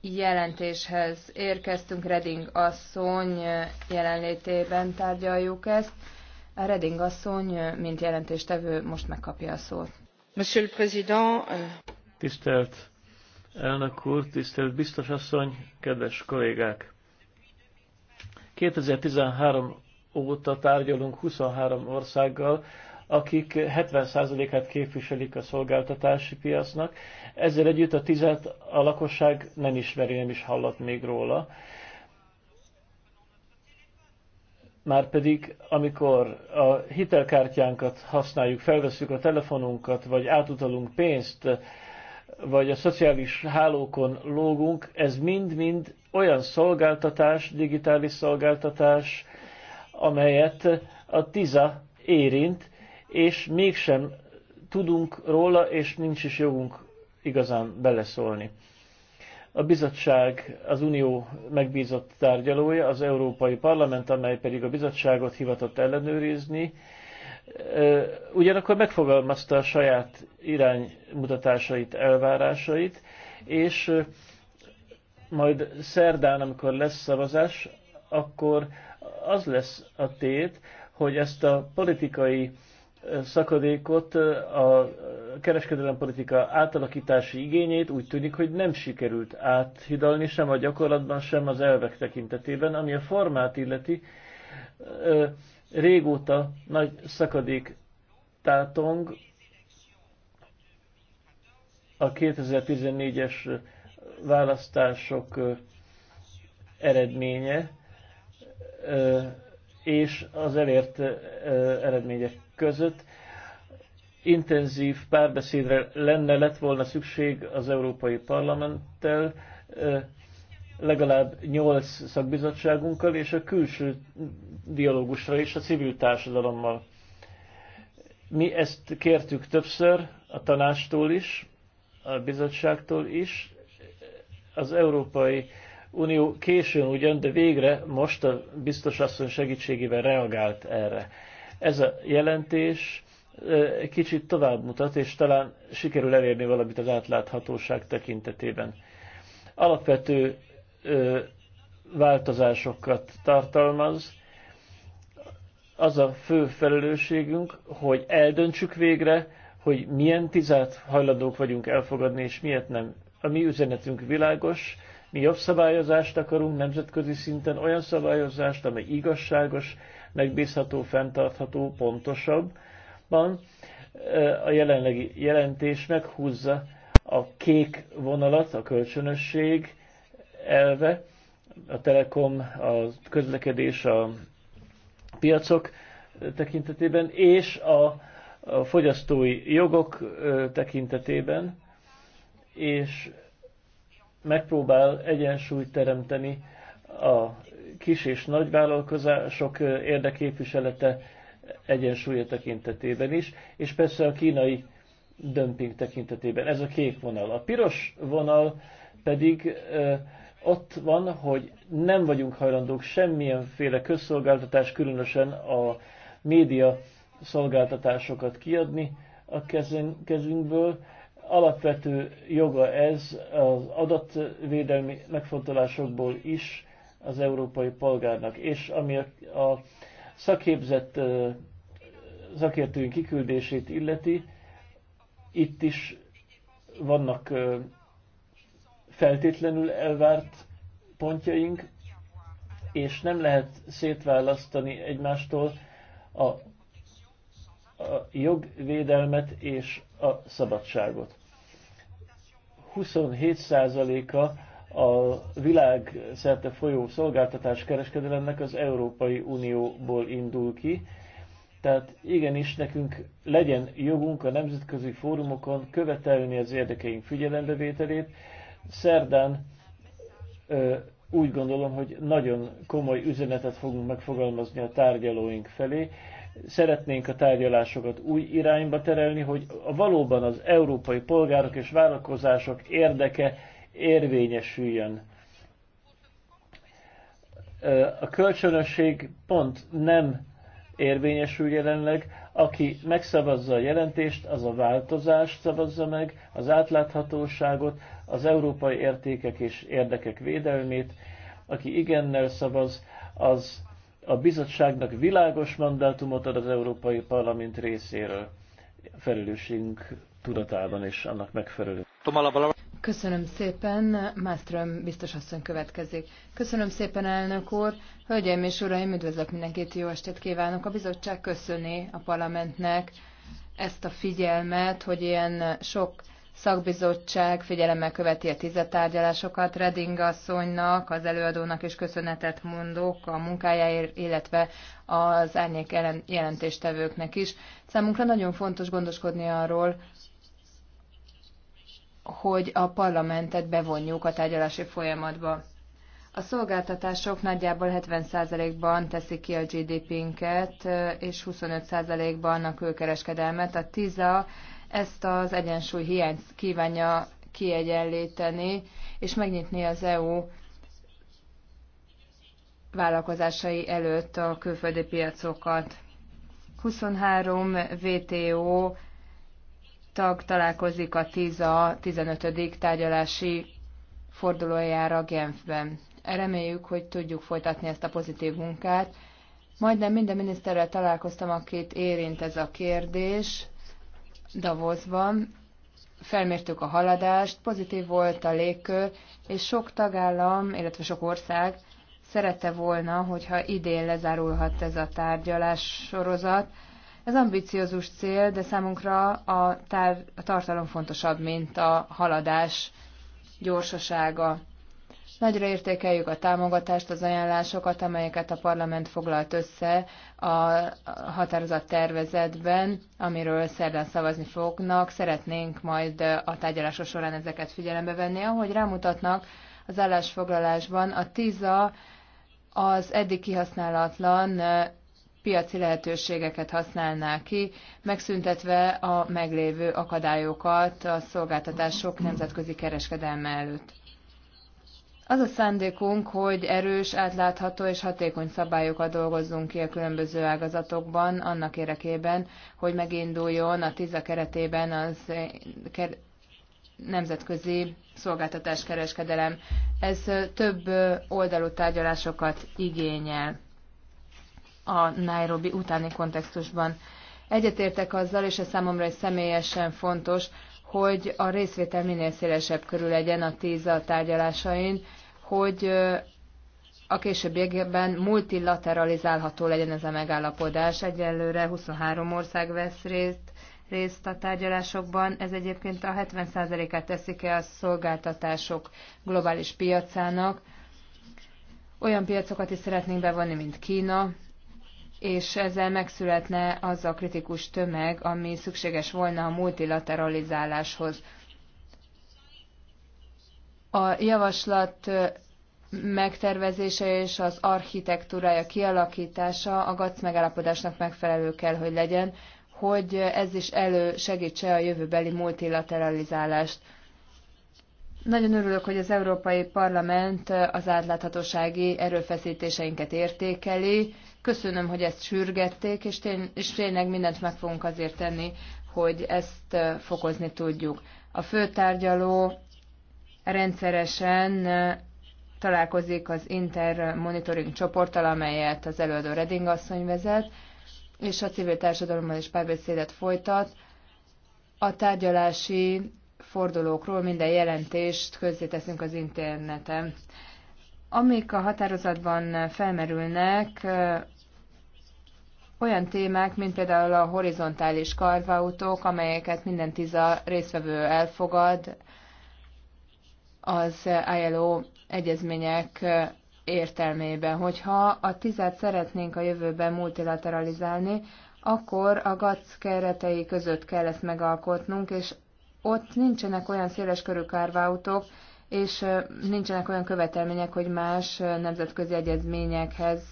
jelentéshez érkeztünk. Reding asszony jelenlétében tárgyaljuk ezt. A Reding asszony, mint jelentéstevő, most megkapja a szót. Monsieur le Président. Euh, tisztelt elnök úr, tisztelt biztos asszony, kedves kollégák! 2013 óta tárgyalunk 23 országgal, akik 70%-át képviselik a szolgáltatási piacnak. Ezzel együtt a tizet a lakosság nem ismeri, nem is hallott még róla. Márpedig, amikor a hitelkártyánkat használjuk, felveszünk a telefonunkat, vagy átutalunk pénzt, vagy a szociális hálókon lógunk, ez mind-mind olyan szolgáltatás, digitális szolgáltatás, amelyet a TISA érint, és mégsem tudunk róla, és nincs is jogunk igazán beleszólni. A bizottság az unió megbízott tárgyalója, az Európai Parlament, amely pedig a bizottságot hivatott ellenőrizni, ugyanakkor megfogalmazta a saját iránymutatásait, elvárásait, és majd szerdán, amikor lesz szavazás, akkor az lesz a tét, hogy ezt a politikai szakadékot, a kereskedelempolitika átalakítási igényét úgy tűnik, hogy nem sikerült áthidalni sem a gyakorlatban, sem az elvek tekintetében, ami a formát illeti. Régóta nagy szakadék tátong a 2014-es választások eredménye és az elért eredmények között intenzív párbeszédre lenne, lett volna szükség az Európai Parlamenttel, legalább nyolc szakbizottságunkkal, és a külső dialógusra és a civil társadalommal. Mi ezt kértük többször a tanástól is, a bizottságtól is. Az Európai Unió későn ugyan, de végre most a biztos asszony segítségével reagált erre. Ez a jelentés kicsit tovább mutat, és talán sikerül elérni valamit az átláthatóság tekintetében. Alapvető változásokat tartalmaz. Az a fő felelősségünk, hogy eldöntsük végre, hogy milyen tizát hajlandók vagyunk elfogadni, és miért nem. A mi üzenetünk világos, mi jobb szabályozást akarunk nemzetközi szinten, olyan szabályozást, amely igazságos, megbízható, fenntartható, pontosabb. Van a jelenlegi jelentés meghúzza a kék vonalat, a kölcsönösség elve, a telekom, a közlekedés, a piacok tekintetében, és a, a fogyasztói jogok tekintetében, és megpróbál egyensúlyt teremteni a kis és nagy vállalkozások érdeképviselete egyensúlya tekintetében is, és persze a kínai dömping tekintetében. Ez a kék vonal. A piros vonal pedig ott van, hogy nem vagyunk hajlandók semmilyenféle közszolgáltatás, különösen a média szolgáltatásokat kiadni a kezünkből, alapvető joga ez az adatvédelmi megfontolásokból is az európai polgárnak, és ami a, a szakképzett szakértőink kiküldését illeti, itt is vannak feltétlenül elvárt pontjaink, és nem lehet szétválasztani egymástól a, a jogvédelmet és a szabadságot. 27%-a a világ szerte folyó szolgáltatás kereskedelemnek az Európai Unióból indul ki. Tehát igenis nekünk legyen jogunk a nemzetközi fórumokon követelni az érdekeink figyelembevételét. Szerdán ö, úgy gondolom, hogy nagyon komoly üzenetet fogunk megfogalmazni a tárgyalóink felé. Szeretnénk a tárgyalásokat új irányba terelni, hogy a valóban az európai polgárok és vállalkozások érdeke érvényesüljön. A kölcsönösség pont nem érvényesül jelenleg. Aki megszavazza a jelentést, az a változást szavazza meg, az átláthatóságot, az európai értékek és érdekek védelmét. Aki igennel szavaz, az a bizottságnak világos mandátumot ad az Európai Parlament részéről. Felelősségünk tudatában és annak megfelelő. Köszönöm szépen, Mástrom biztos asszony következik. Köszönöm szépen, elnök úr. Hölgyeim és uraim, üdvözlök mindenkit, jó estét kívánok. A bizottság köszöni a parlamentnek ezt a figyelmet, hogy ilyen sok szakbizottság figyelemmel követi a tizetárgyalásokat. Reding asszonynak, az előadónak is köszönetet mondok a munkájáért, illetve az árnyék jelentéstevőknek is. Számunkra nagyon fontos gondoskodni arról, hogy a parlamentet bevonjuk a tárgyalási folyamatba. A szolgáltatások nagyjából 70%-ban teszik ki a GDP-nket, és 25%-ban a külkereskedelmet. A TISA ezt az egyensúly hiányt kívánja kiegyenlíteni, és megnyitni az EU vállalkozásai előtt a külföldi piacokat. 23 WTO tag találkozik a TISA 15. tárgyalási fordulójára Genfben. Reméljük, hogy tudjuk folytatni ezt a pozitív munkát. Majdnem minden miniszterrel találkoztam, akit érint ez a kérdés. Davosban, felmértük a haladást, pozitív volt a légkör, és sok tagállam, illetve sok ország szerette volna, hogyha idén lezárulhat ez a tárgyalás sorozat. Ez ambiciózus cél, de számunkra a, tár, a tartalom fontosabb, mint a haladás gyorsasága. Nagyra értékeljük a támogatást, az ajánlásokat, amelyeket a parlament foglalt össze a határozat tervezetben, amiről szerdán szavazni fognak. Szeretnénk majd a tárgyalások során ezeket figyelembe venni. Ahogy rámutatnak az állásfoglalásban, a TISA az eddig kihasználatlan piaci lehetőségeket használná ki, megszüntetve a meglévő akadályokat a szolgáltatások nemzetközi kereskedelme előtt. Az a szándékunk, hogy erős, átlátható és hatékony szabályokat dolgozzunk ki a különböző ágazatokban, annak érdekében, hogy meginduljon a TISZA keretében az eh, nemzetközi szolgáltatáskereskedelem. Ez eh, több eh, oldalú tárgyalásokat igényel a Nairobi utáni kontextusban. Egyetértek azzal, és ez számomra is személyesen fontos, hogy a részvétel minél szélesebb körül legyen a TISZA tárgyalásain, hogy a későbbiekben multilateralizálható legyen ez a megállapodás. Egyelőre 23 ország vesz részt, részt a tárgyalásokban. Ez egyébként a 70%-át teszik el a szolgáltatások globális piacának. Olyan piacokat is szeretnénk bevonni, mint Kína, és ezzel megszületne az a kritikus tömeg, ami szükséges volna a multilateralizáláshoz. A javaslat megtervezése és az architektúrája kialakítása a GAC megállapodásnak megfelelő kell, hogy legyen, hogy ez is elősegítse a jövőbeli multilateralizálást. Nagyon örülök, hogy az Európai Parlament az átláthatósági erőfeszítéseinket értékeli. Köszönöm, hogy ezt sürgették, és, tény, és tényleg mindent meg fogunk azért tenni, hogy ezt fokozni tudjuk. A főtárgyaló rendszeresen találkozik az Inter Monitoring csoporttal, amelyet az előadó Reding asszony vezet, és a civil társadalommal is párbeszédet folytat. A tárgyalási fordulókról minden jelentést közzéteszünk az interneten. Amik a határozatban felmerülnek, olyan témák, mint például a horizontális karvautók, amelyeket minden tiza résztvevő elfogad, az ILO egyezmények értelmében. Hogyha a tizet szeretnénk a jövőben multilateralizálni, akkor a GATS keretei között kell ezt megalkotnunk, és ott nincsenek olyan széles körű kárvautok, és nincsenek olyan követelmények, hogy más nemzetközi egyezményekhez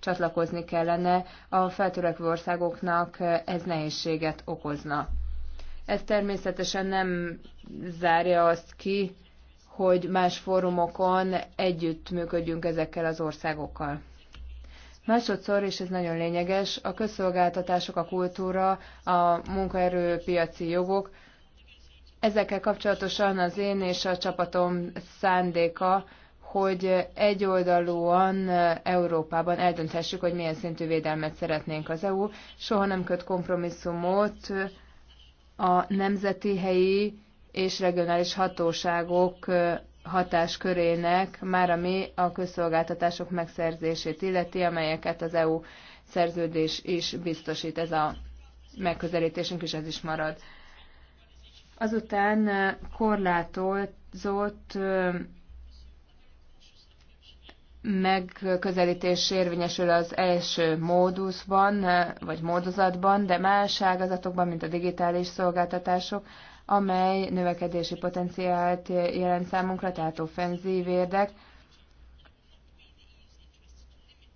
csatlakozni kellene. A feltörekvő országoknak ez nehézséget okozna. Ez természetesen nem zárja azt ki, hogy más fórumokon együttműködjünk ezekkel az országokkal. Másodszor, és ez nagyon lényeges, a közszolgáltatások, a kultúra, a munkaerőpiaci jogok. Ezekkel kapcsolatosan az én és a csapatom szándéka, hogy egyoldalúan Európában eldönthessük, hogy milyen szintű védelmet szeretnénk az EU. Soha nem köt kompromisszumot a nemzeti helyi és regionális hatóságok hatáskörének, már ami a közszolgáltatások megszerzését illeti, amelyeket az EU szerződés is biztosít. Ez a megközelítésünk is ez is marad. Azután korlátozott megközelítés érvényesül az első módusban, vagy módozatban, de más ágazatokban, mint a digitális szolgáltatások, amely növekedési potenciált jelent számunkra, tehát offenzív érdek.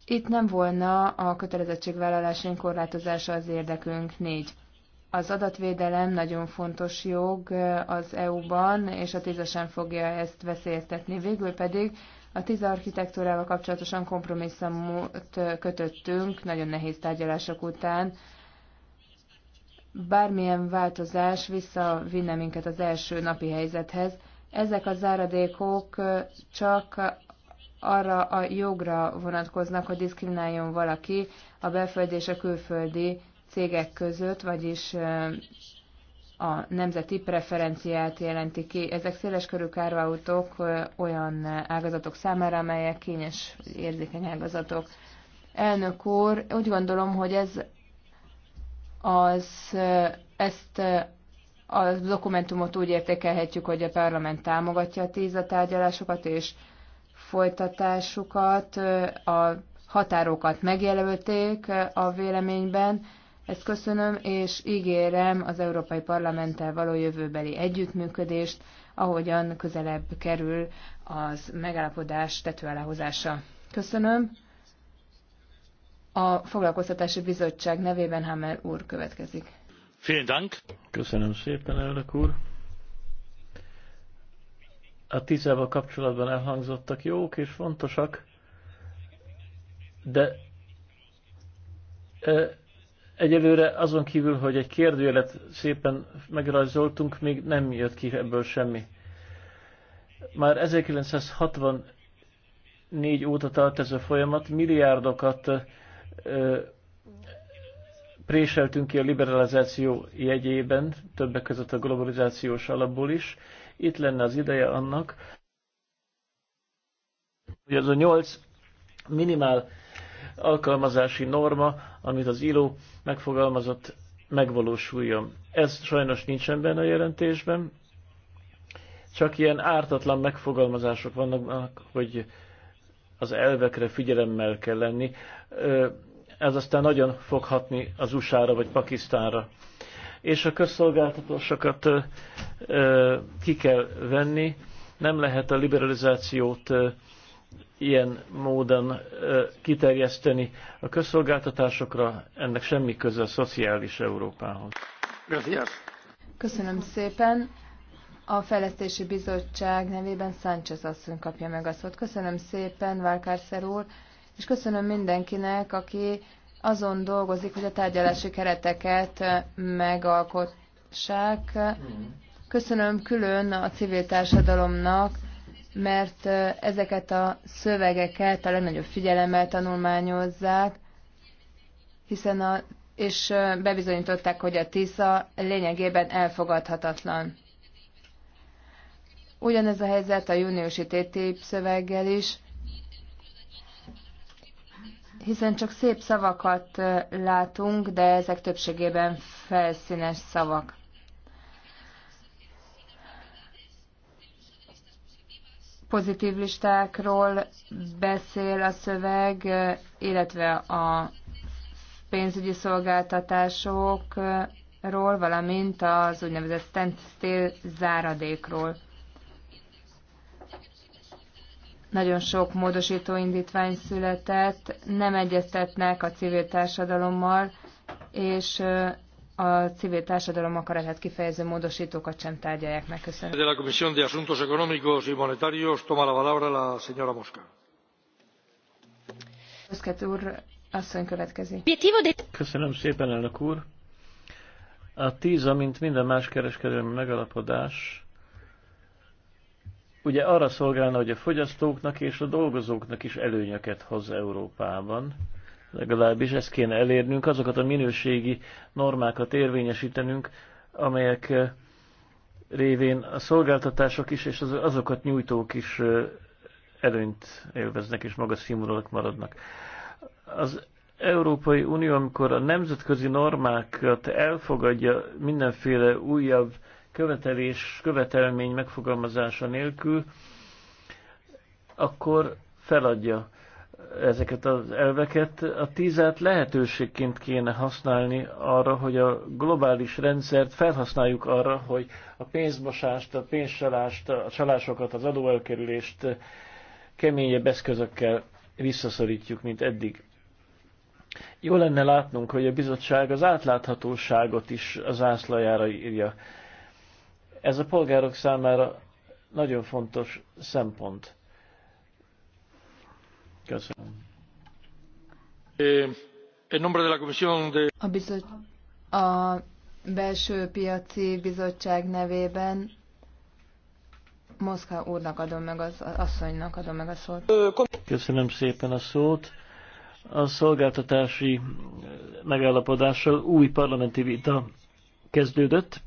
Itt nem volna a kötelezettségvállalásén korlátozása az érdekünk. Négy. Az adatvédelem nagyon fontos jog az EU-ban, és a tízesen sem fogja ezt veszélyeztetni. Végül pedig a tíz architektúrával kapcsolatosan kompromisszumot kötöttünk, nagyon nehéz tárgyalások után, bármilyen változás visszavinne minket az első napi helyzethez. Ezek a záradékok csak arra a jogra vonatkoznak, hogy diszkrimináljon valaki a belföldi és a külföldi cégek között, vagyis a nemzeti preferenciát jelenti ki. Ezek széleskörű kárvautók olyan ágazatok számára, amelyek kényes érzékeny ágazatok. Elnök úr, úgy gondolom, hogy ez az ezt a dokumentumot úgy értékelhetjük, hogy a parlament támogatja a tíz a tárgyalásokat és folytatásukat, a határokat megjelölték a véleményben, ezt köszönöm, és ígérem az Európai Parlamenttel való jövőbeli együttműködést, ahogyan közelebb kerül az megállapodás tető Köszönöm. A Foglalkoztatási Bizottság nevében Hammer úr következik. Vielen Dank. Köszönöm szépen, elnök úr. A tízával kapcsolatban elhangzottak jók és fontosak, de e, egyelőre azon kívül, hogy egy kérdőjelet szépen megrajzoltunk, még nem jött ki ebből semmi. Már 1964 óta tart ez a folyamat, milliárdokat préseltünk ki a liberalizáció jegyében, többek között a globalizációs alapból is. Itt lenne az ideje annak, hogy az a nyolc minimál alkalmazási norma, amit az ILO megfogalmazott, megvalósuljon. Ez sajnos nincsen benne a jelentésben, csak ilyen ártatlan megfogalmazások vannak, hogy az elvekre figyelemmel kell lenni. Ez aztán nagyon foghatni az USA-ra vagy Pakisztánra. És a közszolgáltatósokat ki kell venni, nem lehet a liberalizációt ilyen módon kiterjeszteni a közszolgáltatásokra, ennek semmi köze a szociális Európához. Köszönöm szépen. A Fejlesztési Bizottság nevében Sánchez asszony kapja meg a szót. Köszönöm szépen, Válkárszer úr, és köszönöm mindenkinek, aki azon dolgozik, hogy a tárgyalási kereteket megalkotsák. Köszönöm külön a civil társadalomnak, mert ezeket a szövegeket a legnagyobb figyelemmel tanulmányozzák, hiszen a, és bebizonyították, hogy a TISZA lényegében elfogadhatatlan. Ugyanez a helyzet a júniusi TTIP szöveggel is, hiszen csak szép szavakat látunk, de ezek többségében felszínes szavak. Pozitív listákról beszél a szöveg, illetve a pénzügyi szolgáltatásokról, valamint az úgynevezett stand-still záradékról. Nagyon sok módosító indítvány született, nem egyeztetnek a civil társadalommal, és a civil társadalom akaratát kifejező módosítókat sem tárgyalják meg. Köszönöm. De la Comisión de Asuntos Económicos y Monetarios toma la palabra la señora Mosca. úr, asszony következik. Köszönöm szépen, elnök úr. A TISA, mint minden más kereskedelmi megalapodás, ugye arra szolgálna, hogy a fogyasztóknak és a dolgozóknak is előnyöket hoz Európában. Legalábbis ezt kéne elérnünk, azokat a minőségi normákat érvényesítenünk, amelyek eh, révén a szolgáltatások is és azokat nyújtók is eh, előnyt élveznek és magas színvonalak maradnak. Az Európai Unió, amikor a nemzetközi normákat elfogadja mindenféle újabb követelés, követelmény megfogalmazása nélkül, akkor feladja ezeket az elveket. A tízát lehetőségként kéne használni arra, hogy a globális rendszert felhasználjuk arra, hogy a pénzmosást, a pénzcsalást, a csalásokat, az adóelkerülést keményebb eszközökkel visszaszorítjuk, mint eddig. Jó lenne látnunk, hogy a bizottság az átláthatóságot is az ászlajára írja. Ez a polgárok számára nagyon fontos szempont. Köszönöm. Eh, a, bizot, a belső piaci bizottság nevében Moszkva úrnak adom meg, az asszonynak adom meg a szót. Eh, Köszönöm szépen a szót. A szolgáltatási megállapodással új parlamenti vita kezdődött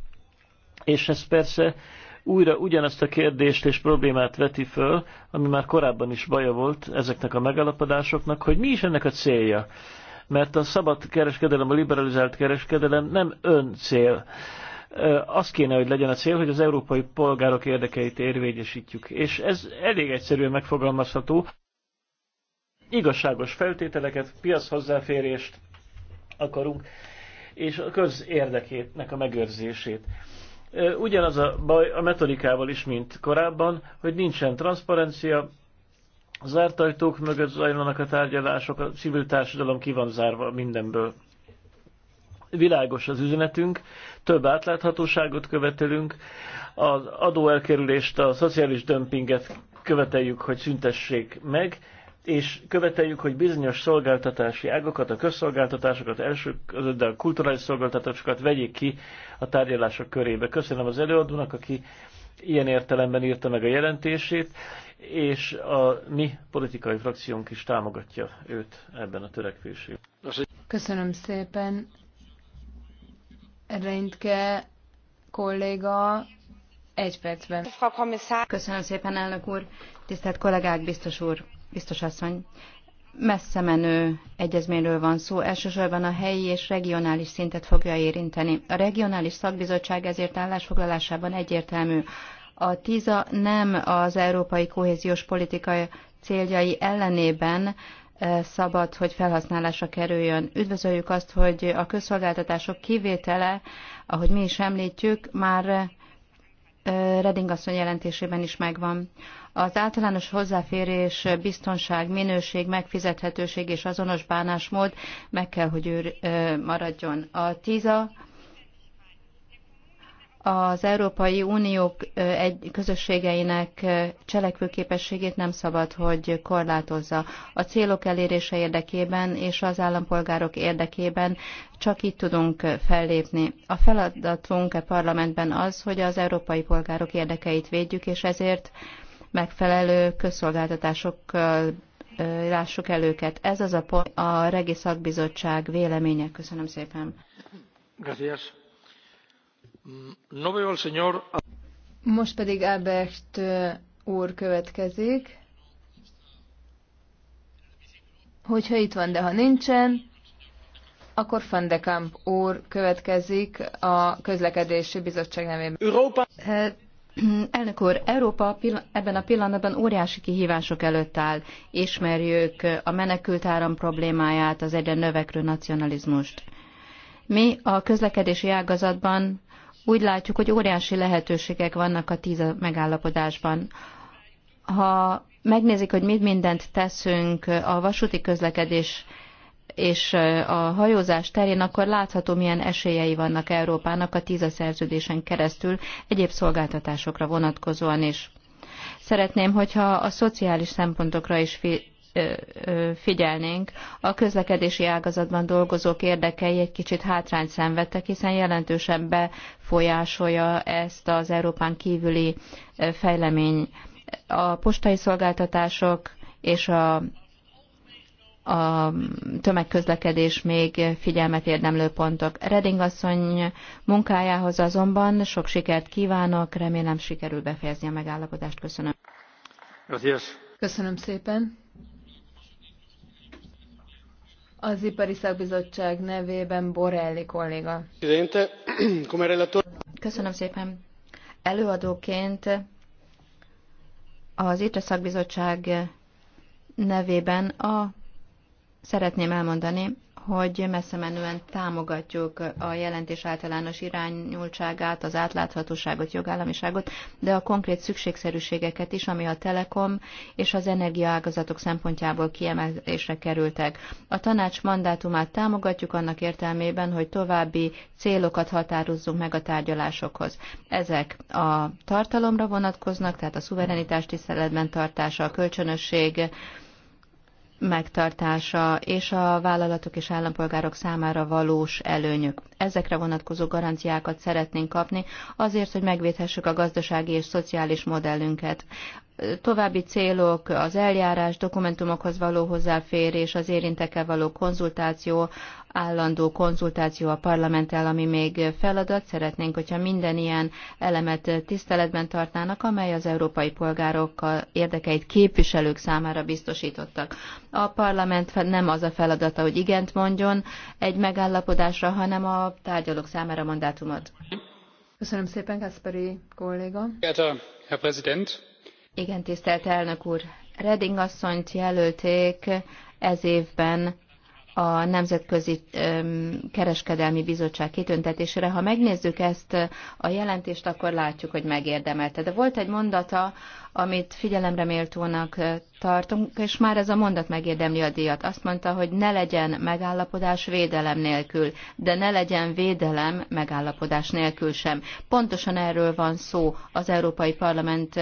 és ez persze újra ugyanazt a kérdést és problémát veti föl, ami már korábban is baja volt ezeknek a megalapodásoknak, hogy mi is ennek a célja. Mert a szabad kereskedelem, a liberalizált kereskedelem nem ön cél. Az kéne, hogy legyen a cél, hogy az európai polgárok érdekeit érvényesítjük. És ez elég egyszerűen megfogalmazható. Igazságos feltételeket, piac hozzáférést akarunk, és a köz érdekének a megőrzését. Ugyanaz a baj a metodikával is, mint korábban, hogy nincsen transzparencia, zárt ajtók mögött zajlanak a tárgyalások, a civil társadalom ki van zárva mindenből. Világos az üzenetünk, több átláthatóságot követelünk, az adóelkerülést, a szociális dömpinget követeljük, hogy szüntessék meg, és követeljük, hogy bizonyos szolgáltatási ágokat, a közszolgáltatásokat, első között, de a kulturális szolgáltatásokat vegyék ki a tárgyalások körébe. Köszönöm az előadónak, aki ilyen értelemben írta meg a jelentését, és a mi politikai frakciónk is támogatja őt ebben a törekvésében. Köszönöm szépen. Reintke kolléga egy percben. Köszönöm szépen, elnök úr. Tisztelt kollégák, biztos úr. Biztos asszony, messze menő egyezményről van szó, elsősorban a helyi és regionális szintet fogja érinteni. A regionális szakbizottság ezért állásfoglalásában egyértelmű. A TISA nem az európai kohéziós politika céljai ellenében eh, szabad, hogy felhasználásra kerüljön. Üdvözöljük azt, hogy a közszolgáltatások kivétele, ahogy mi is említjük, már eh, Reding asszony jelentésében is megvan. Az általános hozzáférés, biztonság, minőség, megfizethetőség és azonos bánásmód meg kell, hogy ő maradjon. A TISA az Európai Unió egy közösségeinek cselekvőképességét nem szabad, hogy korlátozza. A célok elérése érdekében és az állampolgárok érdekében csak itt tudunk fellépni. A feladatunk a parlamentben az, hogy az európai polgárok érdekeit védjük, és ezért megfelelő közszolgáltatásokkal lássuk el őket. Ez az a, pont, a Regi Szakbizottság véleménye. Köszönöm szépen. Gracias. Mm, no veo el señor... Most pedig Albert úr következik. Hogyha itt van, de ha nincsen, akkor Van de Kamp úr következik a közlekedési bizottság nevében. Európa... Hát, Elnök úr, Európa ebben a pillanatban óriási kihívások előtt áll. Ismerjük a menekült áram problémáját, az egyre növekvő nacionalizmust. Mi a közlekedési ágazatban úgy látjuk, hogy óriási lehetőségek vannak a tíz megállapodásban. Ha megnézik, hogy mit mindent teszünk a vasúti közlekedés és a hajózás terén, akkor látható, milyen esélyei vannak Európának a tíza szerződésen keresztül egyéb szolgáltatásokra vonatkozóan is. Szeretném, hogyha a szociális szempontokra is figyelnénk, a közlekedési ágazatban dolgozók érdekei egy kicsit hátrányt szenvedtek, hiszen jelentősen befolyásolja ezt az Európán kívüli fejlemény. A postai szolgáltatások és a a tömegközlekedés még figyelmet érdemlő pontok. Reding asszony munkájához azonban sok sikert kívánok, remélem sikerül befejezni a megállapodást. Köszönöm. Köszönöm szépen. Az Ipari Szakbizottság nevében Borelli kolléga. Köszönöm szépen. Előadóként az Ipari Szakbizottság nevében a Szeretném elmondani, hogy messze menően támogatjuk a jelentés általános irányultságát, az átláthatóságot, jogállamiságot, de a konkrét szükségszerűségeket is, ami a telekom és az energiaágazatok szempontjából kiemelésre kerültek. A tanács mandátumát támogatjuk annak értelmében, hogy további célokat határozzunk meg a tárgyalásokhoz. Ezek a tartalomra vonatkoznak, tehát a szuverenitás tiszteletben tartása, a kölcsönösség, megtartása és a vállalatok és állampolgárok számára valós előnyök. Ezekre vonatkozó garanciákat szeretnénk kapni azért, hogy megvédhessük a gazdasági és szociális modellünket további célok az eljárás, dokumentumokhoz való hozzáférés, az érintekkel való konzultáció, állandó konzultáció a parlamenttel, ami még feladat. Szeretnénk, hogyha minden ilyen elemet tiszteletben tartnának, amely az európai polgárok érdekeit képviselők számára biztosítottak. A parlament nem az a feladata, hogy igent mondjon egy megállapodásra, hanem a tárgyalók számára mandátumot. Köszönöm szépen, Kasperi kolléga. Herr Präsident! Igen, tisztelt elnök úr. Reding asszonyt jelölték ez évben a Nemzetközi Kereskedelmi Bizottság kitüntetésére. Ha megnézzük ezt a jelentést, akkor látjuk, hogy megérdemelte. De volt egy mondata, amit figyelemre méltónak tartunk, és már ez a mondat megérdemli a díjat. Azt mondta, hogy ne legyen megállapodás védelem nélkül, de ne legyen védelem megállapodás nélkül sem. Pontosan erről van szó az Európai Parlament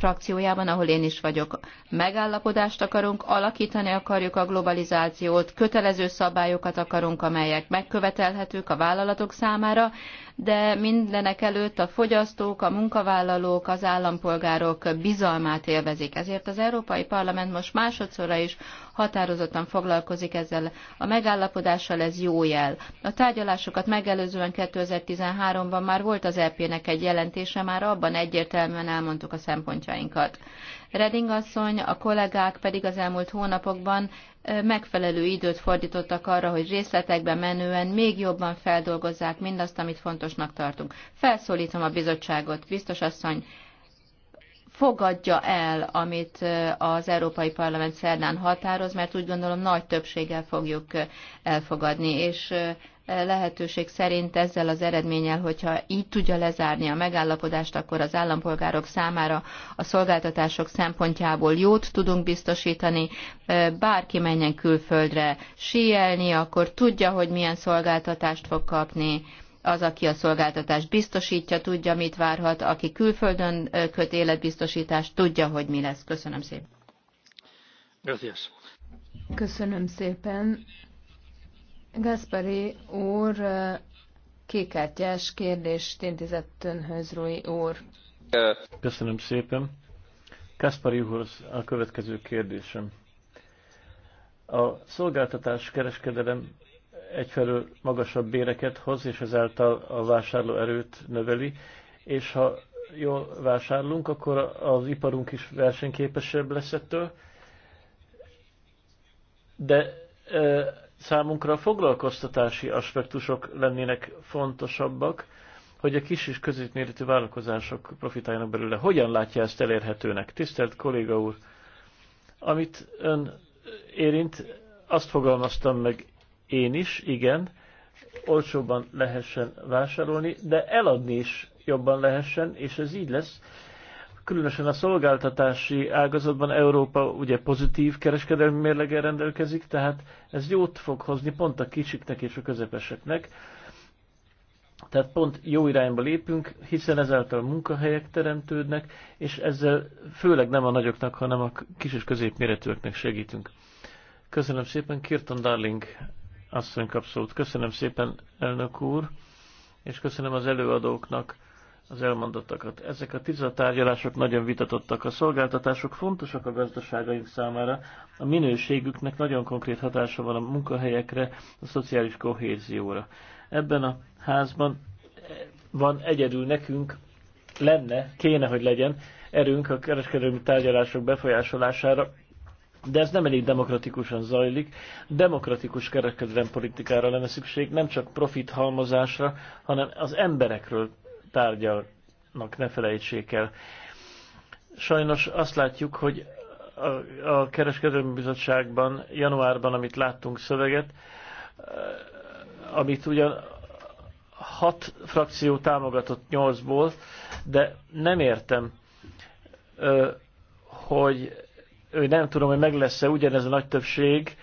frakciójában, ahol én is vagyok. Megállapodást akarunk, alakítani akarjuk a globalizációt, kötelező szabályokat akarunk, amelyek megkövetelhetők a vállalatok számára, de mindenek előtt a fogyasztók, a munkavállalók, az állampolgárok bizalmát élvezik. Ezért az Európai Parlament most másodszorra is határozottan foglalkozik ezzel a megállapodással, ez jó jel. A tárgyalásokat megelőzően 2013-ban már volt az EP-nek egy jelentése, már abban egyértelműen elmondtuk a szempontjainkat. Reding asszony, a kollégák pedig az elmúlt hónapokban megfelelő időt fordítottak arra, hogy részletekbe menően még jobban feldolgozzák mindazt, amit fontosnak tartunk. Felszólítom a bizottságot, biztos asszony, fogadja el, amit az Európai Parlament szerdán határoz, mert úgy gondolom nagy többséggel fogjuk elfogadni, és lehetőség szerint ezzel az eredménnyel, hogyha így tudja lezárni a megállapodást, akkor az állampolgárok számára a szolgáltatások szempontjából jót tudunk biztosítani. Bárki menjen külföldre síelni, akkor tudja, hogy milyen szolgáltatást fog kapni az, aki a szolgáltatást biztosítja, tudja, mit várhat, aki külföldön köt életbiztosítást, tudja, hogy mi lesz. Köszönöm szépen. Köszönöm szépen. Gaspari úr kékártyás kérdést intézett önhöz, Rui úr. Köszönöm szépen. Kaspari úrhoz a következő kérdésem. A szolgáltatás kereskedelem egyfelől magasabb béreket hoz, és ezáltal a vásárló erőt növeli, és ha jól vásárlunk, akkor az iparunk is versenyképesebb lesz ettől, de Számunkra a foglalkoztatási aspektusok lennének fontosabbak, hogy a kis és középméretű vállalkozások profitáljanak belőle. Hogyan látja ezt elérhetőnek? Tisztelt kolléga úr, amit ön érint, azt fogalmaztam meg én is, igen, olcsóban lehessen vásárolni, de eladni is jobban lehessen, és ez így lesz, különösen a szolgáltatási ágazatban Európa ugye pozitív kereskedelmi mérleggel rendelkezik, tehát ez jót fog hozni pont a kicsiknek és a közepeseknek. Tehát pont jó irányba lépünk, hiszen ezáltal munkahelyek teremtődnek, és ezzel főleg nem a nagyoknak, hanem a kis és középméretűeknek segítünk. Köszönöm szépen, Kirton Darling asszony kapszót. Köszönöm szépen, elnök úr, és köszönöm az előadóknak az elmondottakat. Ezek a tiza tárgyalások nagyon vitatottak. A szolgáltatások fontosak a gazdaságaink számára, a minőségüknek nagyon konkrét hatása van a munkahelyekre, a szociális kohézióra. Ebben a házban eh, van egyedül nekünk, lenne, kéne, hogy legyen erőnk a kereskedelmi tárgyalások befolyásolására, de ez nem elég demokratikusan zajlik. Demokratikus kereskedelem politikára lenne szükség, nem csak profithalmozásra, hanem az emberekről tárgyalnak, ne felejtsék el. Sajnos azt látjuk, hogy a, a Kereskedelmi Bizottságban januárban, amit láttunk szöveget, eh, amit ugyan hat frakció támogatott nyolcból, de nem értem, eh, hogy nem tudom, hogy meg lesz-e ugyanez a nagy többség,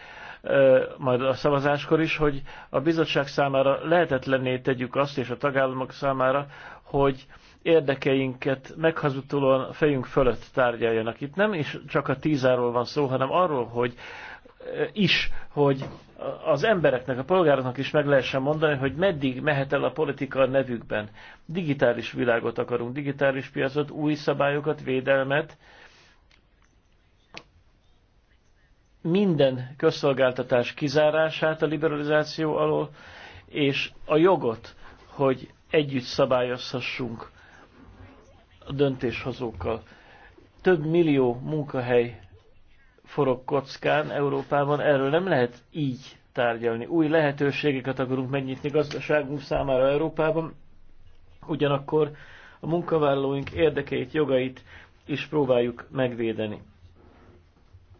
majd a szavazáskor is, hogy a bizottság számára lehetetlenné tegyük azt, és a tagállamok számára, hogy érdekeinket meghazudtulóan a fejünk fölött tárgyaljanak. Itt nem is csak a tízáról van szó, hanem arról, hogy is, hogy az embereknek, a polgároknak is meg lehessen mondani, hogy meddig mehet el a politika a nevükben. Digitális világot akarunk, digitális piacot, új szabályokat, védelmet, minden közszolgáltatás kizárását a liberalizáció alól, és a jogot, hogy együtt szabályozhassunk a döntéshozókkal. Több millió munkahely forog kockán Európában, erről nem lehet így tárgyalni. Új lehetőségeket akarunk megnyitni gazdaságunk számára Európában, ugyanakkor a munkavállalóink érdekeit, jogait is próbáljuk megvédeni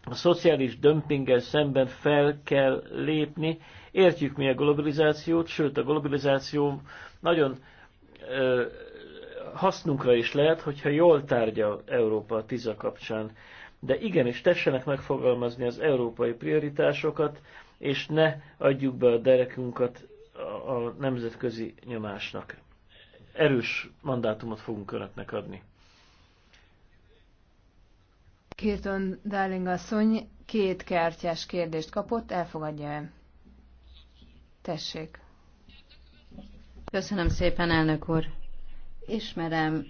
a szociális dömpinggel szemben fel kell lépni. Értjük mi a globalizációt, sőt a globalizáció nagyon ö, hasznunkra is lehet, hogyha jól tárgyal Európa a TISA kapcsán. De igenis, tessenek megfogalmazni az európai prioritásokat, és ne adjuk be a derekünket a, a nemzetközi nyomásnak. Erős mandátumot fogunk önöknek adni. Kirton Darling asszony két kártyás kérdést kapott, elfogadja -e? Tessék. Köszönöm szépen, elnök úr. Ismerem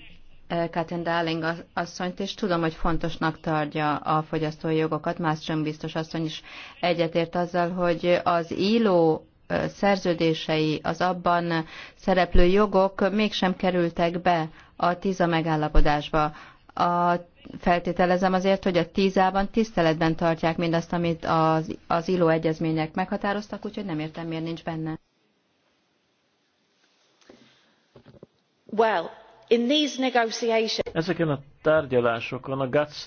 eh, Katyn Darling asszonyt, és tudom, hogy fontosnak tartja a fogyasztói jogokat. Mástrom biztos asszony is egyetért azzal, hogy az ILO eh, szerződései, az abban szereplő jogok mégsem kerültek be a TISA megállapodásba. A feltételezem azért, hogy a tízában tiszteletben tartják mindazt, amit az, az ILO egyezmények meghatároztak, úgyhogy nem értem, miért nincs benne. Well, in these negotiations... Ezeken a tárgyalásokon, a GATS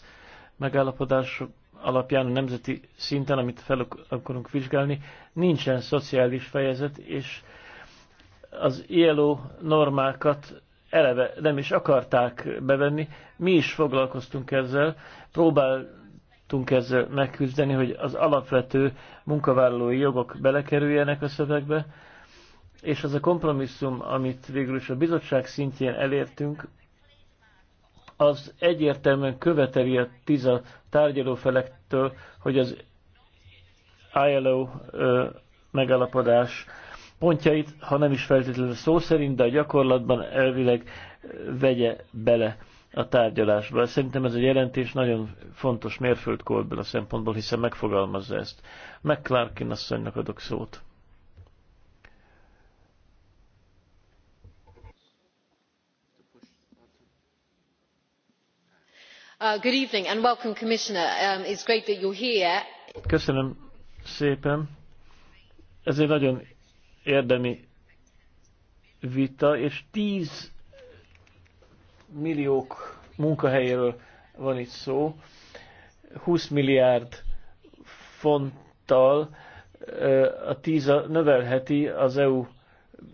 megállapodások alapján a nemzeti szinten, amit fel akarunk vizsgálni, nincsen szociális fejezet, és az ILO normákat eleve nem is akarták bevenni. Mi is foglalkoztunk ezzel, próbáltunk ezzel megküzdeni, hogy az alapvető munkavállalói jogok belekerüljenek a szövegbe, és az a kompromisszum, amit végül is a bizottság szintjén elértünk, az egyértelműen követeli a tiza tárgyalófelektől, hogy az ILO ö, megalapodás pontjait, ha nem is feltétlenül szó szerint, de a gyakorlatban elvileg eh, vegye bele a tárgyalásba. Szerintem ez a jelentés nagyon fontos mérföldkó a szempontból, hiszen megfogalmazza ezt. McClarkin asszonynak adok szót. Uh, good evening and welcome commissioner um, it's great that you're here. köszönöm szépen ez egy nagyon érdemi vita, és 10 milliók munkahelyéről van itt szó, 20 milliárd fonttal a TISA növelheti az EU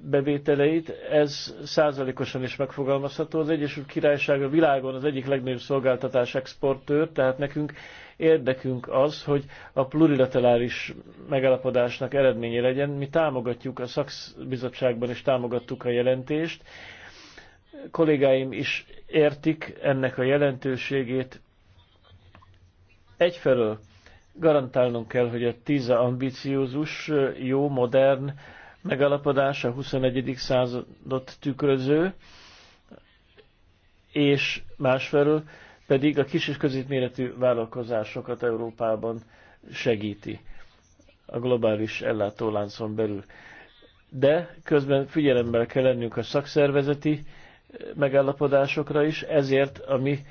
bevételeit, ez százalékosan is megfogalmazható. Az Egyesült Királyság a világon az egyik legnagyobb szolgáltatás exportőr, tehát nekünk Érdekünk az, hogy a plurilaterális megállapodásnak eredménye legyen. Mi támogatjuk a szakbizottságban is támogattuk a jelentést. Kollégáim is értik ennek a jelentőségét. Egyfelől garantálnunk kell, hogy a TISA ambiciózus, jó, modern megalapodás a 21. századot tükröző, és másfelől pedig a kis és középméretű vállalkozásokat Európában segíti a globális ellátóláncon belül. De közben figyelemmel kell lennünk a szakszervezeti megállapodásokra is, ezért a mi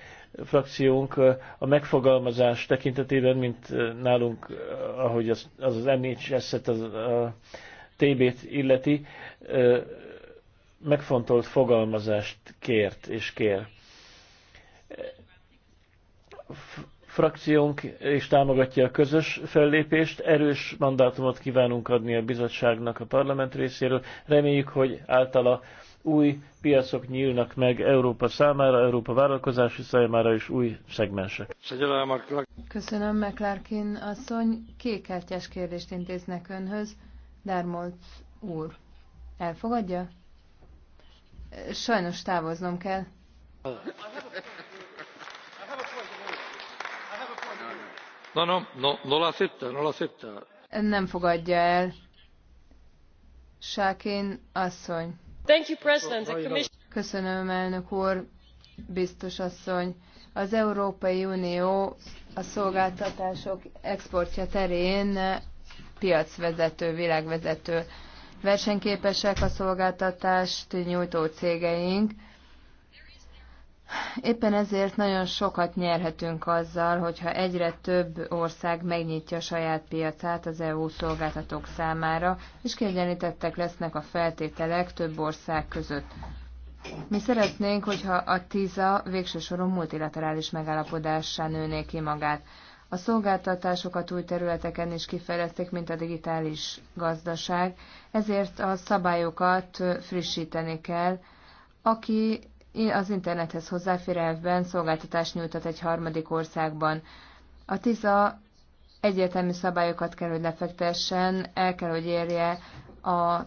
frakciónk a megfogalmazás tekintetében, mint nálunk, ahogy az az, az NHS-et, az a TB-t illeti, megfontolt fogalmazást kért és kér frakciónk és támogatja a közös fellépést. Erős mandátumot kívánunk adni a bizottságnak a parlament részéről. Reméljük, hogy általa új piacok nyílnak meg Európa számára, Európa vállalkozási számára is új szegmensek. Köszönöm, McClarkin asszony. Kékártyás kérdést intéznek önhöz. Dármolc úr, elfogadja? Sajnos távoznom kell. No, no, no, no acepta, no acepta. Nem fogadja el. Sákin asszony. Thank you, President. Köszönöm, elnök úr, biztos asszony. Az Európai Unió a szolgáltatások exportja terén piacvezető, világvezető. Versenyképesek a szolgáltatást nyújtó cégeink, Éppen ezért nagyon sokat nyerhetünk azzal, hogyha egyre több ország megnyitja saját piacát az EU szolgáltatók számára, és kiegyenlítettek lesznek a feltételek több ország között. Mi szeretnénk, hogyha a TISA végső soron multilaterális megállapodássá nőné ki magát. A szolgáltatásokat új területeken is kifejleszték, mint a digitális gazdaság, ezért a szabályokat frissíteni kell. Aki az internethez hozzáfér elvben szolgáltatást nyújtat egy harmadik országban. A TISA egyértelmű szabályokat kell, hogy lefektessen, el kell, hogy érje a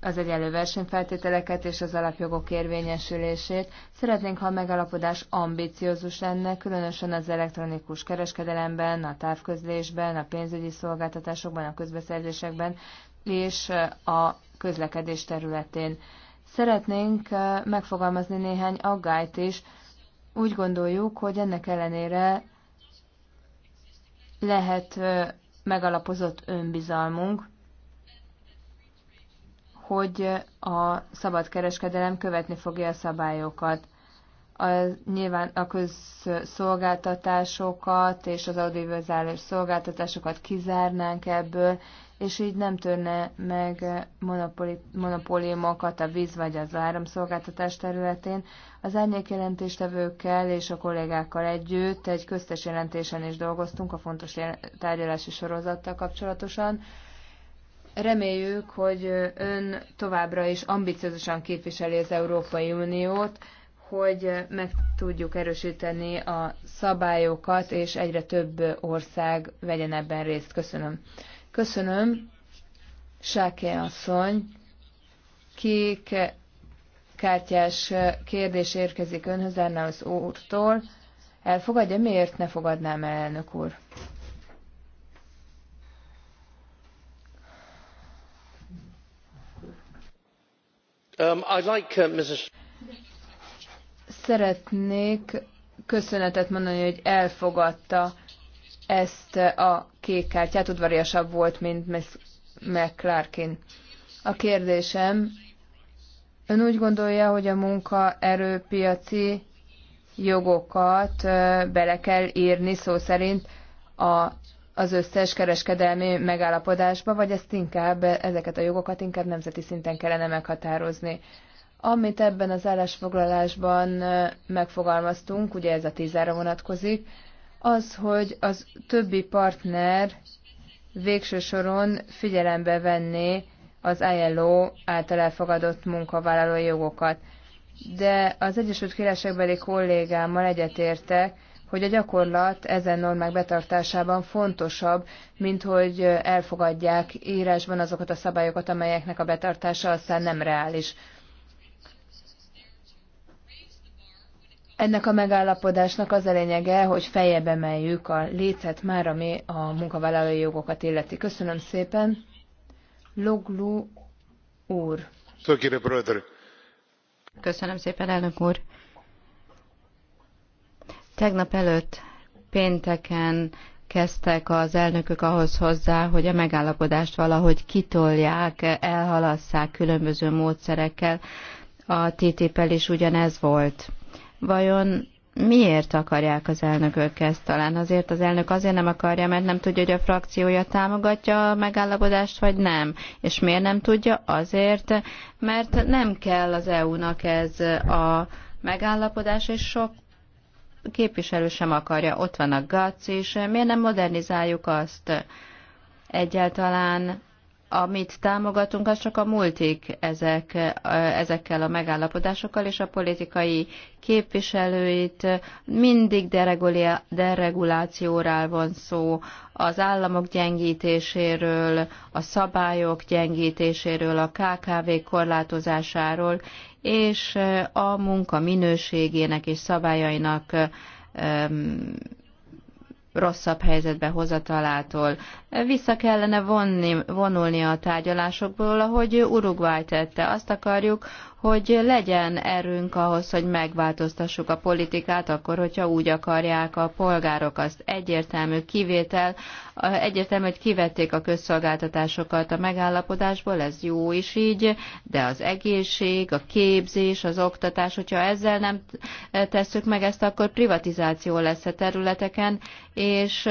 az egyenlő versenyfeltételeket és az alapjogok érvényesülését. Szeretnénk, ha a megalapodás ambiciózus lenne, különösen az elektronikus kereskedelemben, a távközlésben, a pénzügyi szolgáltatásokban, a közbeszerzésekben és a közlekedés területén. Szeretnénk eh, megfogalmazni néhány aggályt is. Úgy gondoljuk, hogy ennek ellenére lehet eh, megalapozott önbizalmunk, hogy eh, a kereskedelem követni fogja a szabályokat. A, nyilván a közszolgáltatásokat és az audiovizuális szolgáltatásokat kizárnánk ebből, és így nem törne meg monopóliumokat a víz vagy az áramszolgáltatás területén. Az árnyék jelentéstevőkkel és a kollégákkal együtt egy köztes jelentésen is dolgoztunk a fontos tárgyalási sorozattal kapcsolatosan. Reméljük, hogy ön továbbra is ambiciózusan képviseli az Európai Uniót, hogy meg tudjuk erősíteni a szabályokat, és egyre több ország vegyen ebben részt. Köszönöm. Köszönöm, Sáké asszony, kék kártyás kérdés érkezik önhöz az úrtól. Elfogadja, miért ne fogadnám el, elnök úr? Um, I'd like, uh, Mrs. Szeretnék köszönetet mondani, hogy elfogadta ezt a kék kártyát, udvariasabb volt, mint McClarkin. A kérdésem, ön úgy gondolja, hogy a munkaerőpiaci jogokat bele kell írni szó szerint a, az összes kereskedelmi megállapodásba, vagy ezt inkább, ezeket a jogokat inkább nemzeti szinten kellene meghatározni. Amit ebben az állásfoglalásban megfogalmaztunk, ugye ez a tízára vonatkozik, az, hogy az többi partner végső soron figyelembe venné az ILO által elfogadott munkavállalói jogokat. De az Egyesült Királyságbeli kollégámmal egyetértek, hogy a gyakorlat ezen normák betartásában fontosabb, mint hogy elfogadják írásban azokat a szabályokat, amelyeknek a betartása aztán nem reális. Ennek a megállapodásnak az a lényege, hogy fejebe emeljük a lécet már, ami a munkavállalói jogokat illeti. Köszönöm szépen. Loglu úr. Szóval, Köszönöm szépen, elnök úr. Tegnap előtt pénteken kezdtek az elnökök ahhoz hozzá, hogy a megállapodást valahogy kitolják, elhalasszák különböző módszerekkel. A ttp el is ugyanez volt Vajon miért akarják az elnökök ezt? Talán azért az elnök azért nem akarja, mert nem tudja, hogy a frakciója támogatja a megállapodást, vagy nem. És miért nem tudja? Azért, mert nem kell az EU-nak ez a megállapodás, és sok képviselő sem akarja. Ott van a GAC is. Miért nem modernizáljuk azt? Egyáltalán amit támogatunk, az csak a múltig ezek, ezekkel a megállapodásokkal, és a politikai képviselőit mindig deregulációról van szó, az államok gyengítéséről, a szabályok gyengítéséről, a KKV korlátozásáról, és a munka minőségének és szabályainak rosszabb helyzetbe hozatalától. Vissza kellene vonni, vonulni a tárgyalásokból, ahogy Uruguay tette. Azt akarjuk, hogy legyen erőnk ahhoz, hogy megváltoztassuk a politikát, akkor, hogyha úgy akarják a polgárok azt. Egyértelmű kivétel, egyértelmű, hogy kivették a közszolgáltatásokat a megállapodásból, ez jó is így, de az egészség, a képzés, az oktatás, hogyha ezzel nem tesszük meg ezt, akkor privatizáció lesz a területeken, és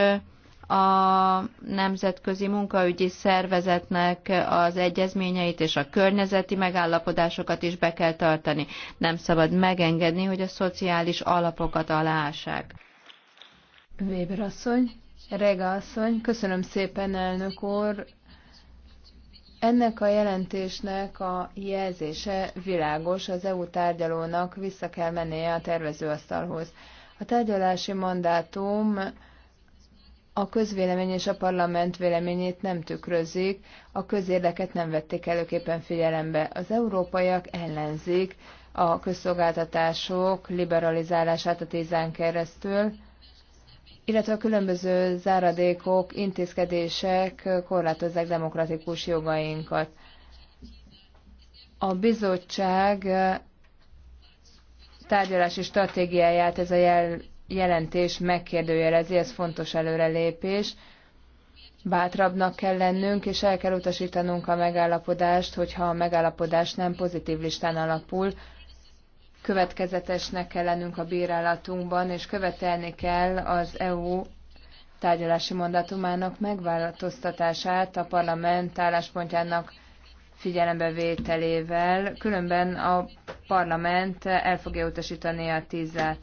a Nemzetközi Munkaügyi Szervezetnek az egyezményeit és a környezeti megállapodásokat is be kell tartani. Nem szabad megengedni, hogy a szociális alapokat aláássák. Weber asszony, Rega asszony, köszönöm szépen, elnök úr. Ennek a jelentésnek a jelzése világos, az EU tárgyalónak vissza kell mennie a tervezőasztalhoz. A tárgyalási mandátum a közvélemény és a parlament véleményét nem tükrözik, a közérdeket nem vették előképpen figyelembe. Az európaiak ellenzik a közszolgáltatások liberalizálását a tízán keresztül, illetve a különböző záradékok, intézkedések korlátozzák demokratikus jogainkat. A bizottság tárgyalási stratégiáját ez a jel jelentés megkérdőjelezi, ez fontos előrelépés. Bátrabbnak kell lennünk, és el kell utasítanunk a megállapodást, hogyha a megállapodás nem pozitív listán alapul. Következetesnek kell lennünk a bírálatunkban, és követelni kell az EU tárgyalási mandátumának megváltoztatását a parlament álláspontjának figyelembevételével, különben a parlament el fogja utasítani a tízát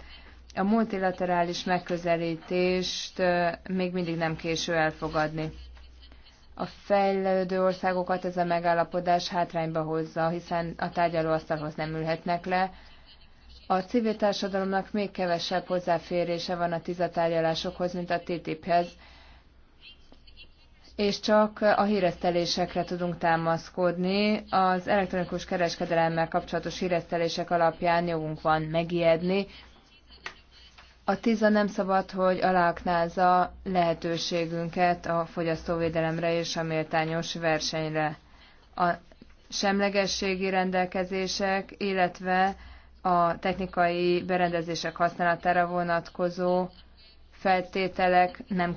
a multilaterális megközelítést még mindig nem késő elfogadni. A fejlődő országokat ez a megállapodás hátrányba hozza, hiszen a tárgyalóasztalhoz nem ülhetnek le. A civil társadalomnak még kevesebb hozzáférése van a tizatárgyalásokhoz, mint a TTIP-hez, és csak a híresztelésekre tudunk támaszkodni. Az elektronikus kereskedelemmel kapcsolatos híresztelések alapján jogunk van megijedni, a TISA nem szabad, hogy aláknázza lehetőségünket a fogyasztóvédelemre és a méltányos versenyre. A semlegességi rendelkezések, illetve a technikai berendezések használatára vonatkozó feltételek nem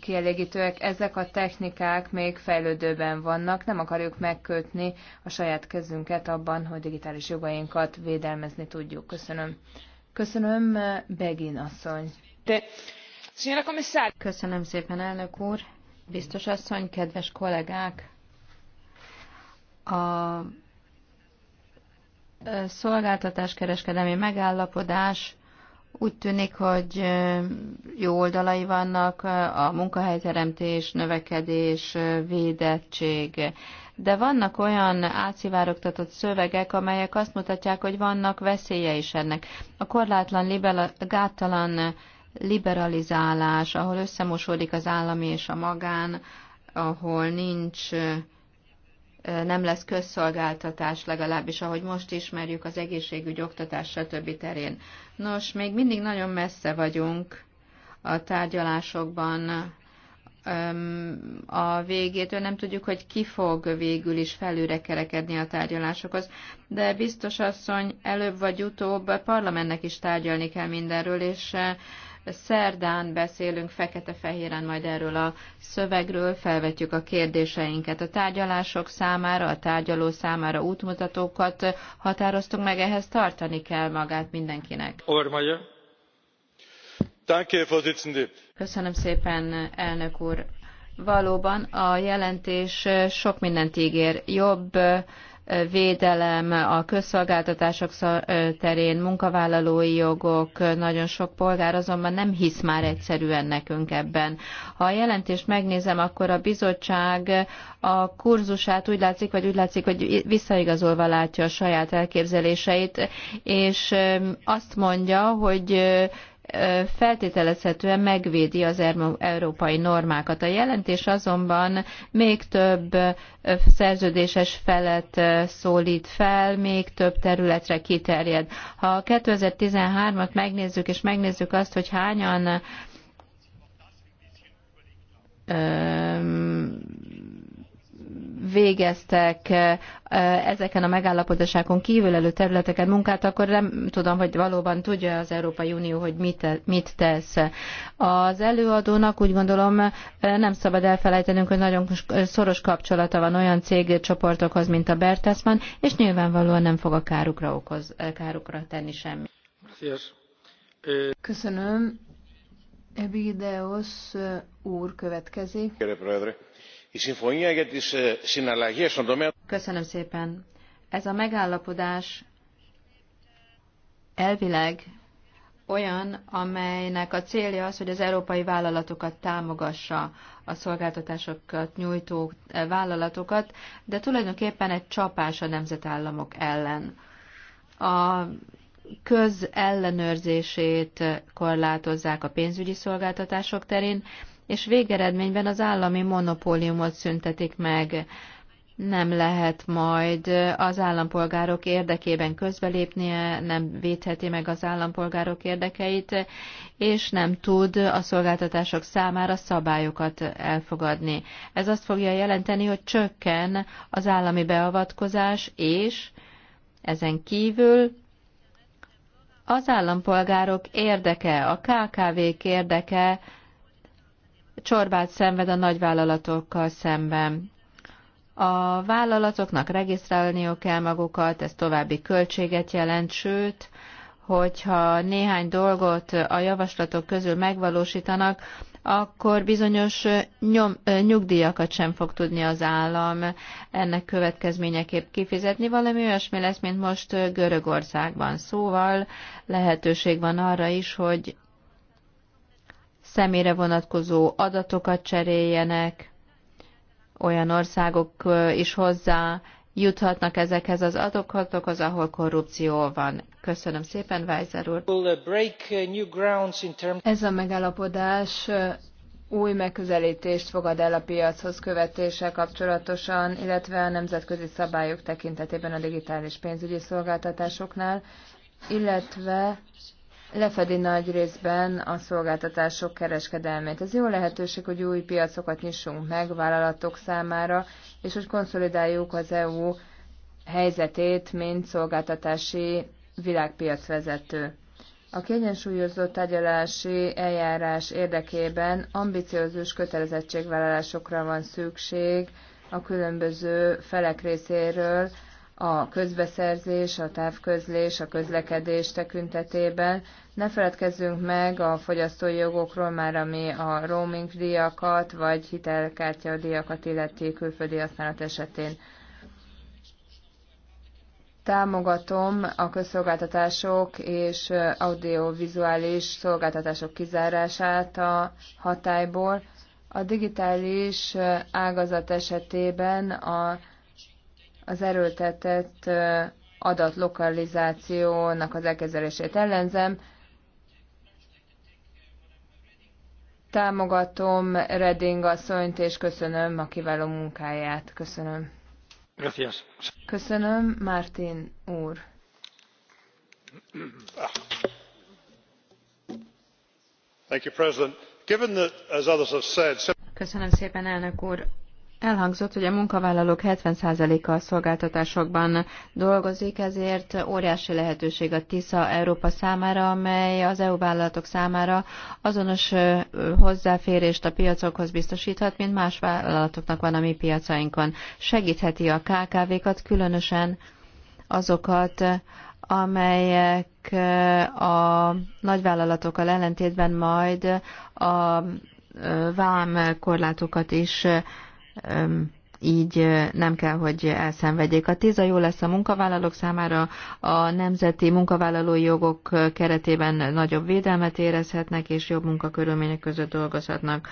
kielégítőek, ezek a technikák még fejlődőben vannak, nem akarjuk megkötni a saját kezünket abban, hogy digitális jogainkat védelmezni tudjuk. Köszönöm. Köszönöm, Begin asszony. Köszönöm szépen, elnök úr, biztos asszony, kedves kollégák. A kereskedelmi megállapodás úgy tűnik, hogy jó oldalai vannak, a munkahelyteremtés, növekedés, védettség, de vannak olyan átszivárogtatott szövegek, amelyek azt mutatják, hogy vannak veszélye is ennek. A korlátlan, libera, gáttalan liberalizálás, ahol összemosódik az állami és a magán, ahol nincs nem lesz közszolgáltatás, legalábbis ahogy most ismerjük az egészségügy, oktatás, stb. terén. Nos, még mindig nagyon messze vagyunk a tárgyalásokban a végétől. Nem tudjuk, hogy ki fog végül is felőre kerekedni a tárgyalásokhoz. De biztos asszony, előbb vagy utóbb a parlamentnek is tárgyalni kell mindenről, és Szerdán beszélünk fekete-fehéren majd erről a szövegről, felvetjük a kérdéseinket. A tárgyalások számára, a tárgyaló számára útmutatókat határoztunk meg, ehhez tartani kell magát mindenkinek. Ormaja. Köszönöm szépen, elnök úr. Valóban a jelentés sok mindent ígér. Jobb védelem, a közszolgáltatások terén, munkavállalói jogok, nagyon sok polgár azonban nem hisz már egyszerűen nekünk ebben. Ha a jelentést megnézem, akkor a bizottság a kurzusát úgy látszik, vagy úgy látszik, hogy visszaigazolva látja a saját elképzeléseit, és azt mondja, hogy feltételezhetően megvédi az európai normákat. A jelentés azonban még több szerződéses felet szólít fel, még több területre kiterjed. Ha 2013-at megnézzük, és megnézzük azt, hogy hányan végeztek ezeken a megállapodásokon kívül elő területeken munkát, akkor nem tudom, hogy valóban tudja az Európai Unió, hogy mit tesz. Az előadónak úgy gondolom nem szabad elfelejtenünk, hogy nagyon szoros kapcsolata van olyan cégcsoportokhoz, mint a Bertelsmann, és nyilvánvalóan nem fog a kárukra, okoz, kárukra tenni semmi. Köszönöm. Ebideos úr következik. Kérem, Köszönöm szépen. Ez a megállapodás elvileg olyan, amelynek a célja az, hogy az európai vállalatokat támogassa, a szolgáltatásokat nyújtó eh, vállalatokat, de tulajdonképpen egy csapás a nemzetállamok ellen. A közellenőrzését korlátozzák a pénzügyi szolgáltatások terén, és végeredményben az állami monopóliumot szüntetik meg. Nem lehet majd az állampolgárok érdekében közbelépnie, nem védheti meg az állampolgárok érdekeit, és nem tud a szolgáltatások számára szabályokat elfogadni. Ez azt fogja jelenteni, hogy csökken az állami beavatkozás, és ezen kívül az állampolgárok érdeke, a KKV-k érdeke, csorbát szenved a nagyvállalatokkal szemben. A vállalatoknak regisztrálniuk kell magukat, ez további költséget jelent, sőt, hogyha néhány dolgot a javaslatok közül megvalósítanak, akkor bizonyos nyom, nyugdíjakat sem fog tudni az állam ennek következményeképp kifizetni. Valami olyasmi lesz, mint most Görögországban. Szóval lehetőség van arra is, hogy személyre vonatkozó adatokat cseréljenek, olyan országok is hozzá juthatnak ezekhez az adatokhoz, ahol korrupció van. Köszönöm szépen, Weiser úr. Uh, uh, Ez a megállapodás uh, új megközelítést fogad el a piachoz követése kapcsolatosan, illetve a nemzetközi szabályok tekintetében a digitális pénzügyi szolgáltatásoknál, illetve lefedi nagy részben a szolgáltatások kereskedelmét. Ez jó lehetőség, hogy új piacokat nyissunk meg vállalatok számára, és hogy konszolidáljuk az EU helyzetét, mint szolgáltatási világpiacvezető. A kiegyensúlyozott tárgyalási eljárás érdekében ambiciózus kötelezettségvállalásokra van szükség a különböző felek részéről, a közbeszerzés, a távközlés, a közlekedés tekintetében. Ne feledkezzünk meg a fogyasztói jogokról már, ami a roaming díjakat vagy hitelkártya díjakat illeti külföldi használat esetén. Támogatom a közszolgáltatások és audiovizuális szolgáltatások kizárását a hatályból. A digitális ágazat esetében a az erőltetett adatlokalizációnak az elkezelését ellenzem. Támogatom Redding asszonyt, és köszönöm a kiváló munkáját. Köszönöm. Gracias. Köszönöm, Martin úr. Thank you, President. Given that, as others have said, Köszönöm szépen, elnök úr Elhangzott, hogy a munkavállalók 70%-a a szolgáltatásokban dolgozik, ezért óriási lehetőség a TISZA Európa számára, amely az EU vállalatok számára azonos hozzáférést a piacokhoz biztosíthat, mint más vállalatoknak van a mi piacainkon. Segítheti a KKV-kat, különösen azokat, amelyek a nagyvállalatokkal ellentétben majd a vám korlátokat is így nem kell, hogy elszenvedjék. A TISA jó lesz a munkavállalók számára, a nemzeti munkavállalói jogok keretében nagyobb védelmet érezhetnek, és jobb munkakörülmények között dolgozhatnak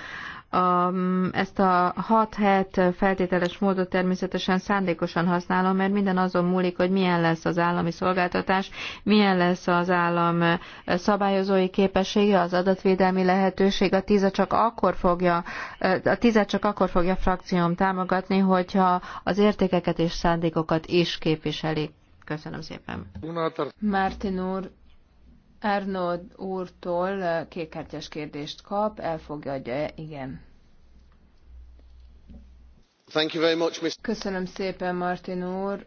a, ezt a 6 hét feltételes módot természetesen szándékosan használom, mert minden azon múlik, hogy milyen lesz az állami szolgáltatás, milyen lesz az állam szabályozói képessége, az adatvédelmi lehetőség. A tíze csak akkor fogja, a tízet csak akkor fogja frakcióm támogatni, hogyha az értékeket és szándékokat is képviseli. Köszönöm szépen. Martin úr, Arnold úrtól kékkártyás kérdést kap, elfogadja-e? Igen. Thank you very much, Mr. Köszönöm szépen, Martin úr.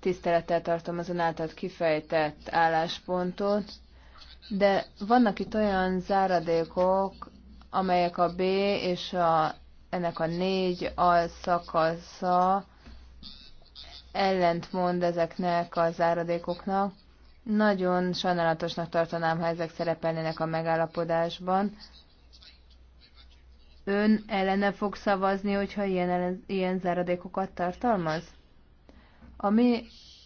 Tisztelettel tartom az által kifejtett álláspontot, de vannak itt olyan záradékok, amelyek a B és a, ennek a négy alszakasza ellentmond ezeknek a záradékoknak nagyon sajnálatosnak tartanám, ha ezek szerepelnének a megállapodásban. Ön ellene fog szavazni, hogyha ilyen, ellen, ilyen záradékokat tartalmaz? A mi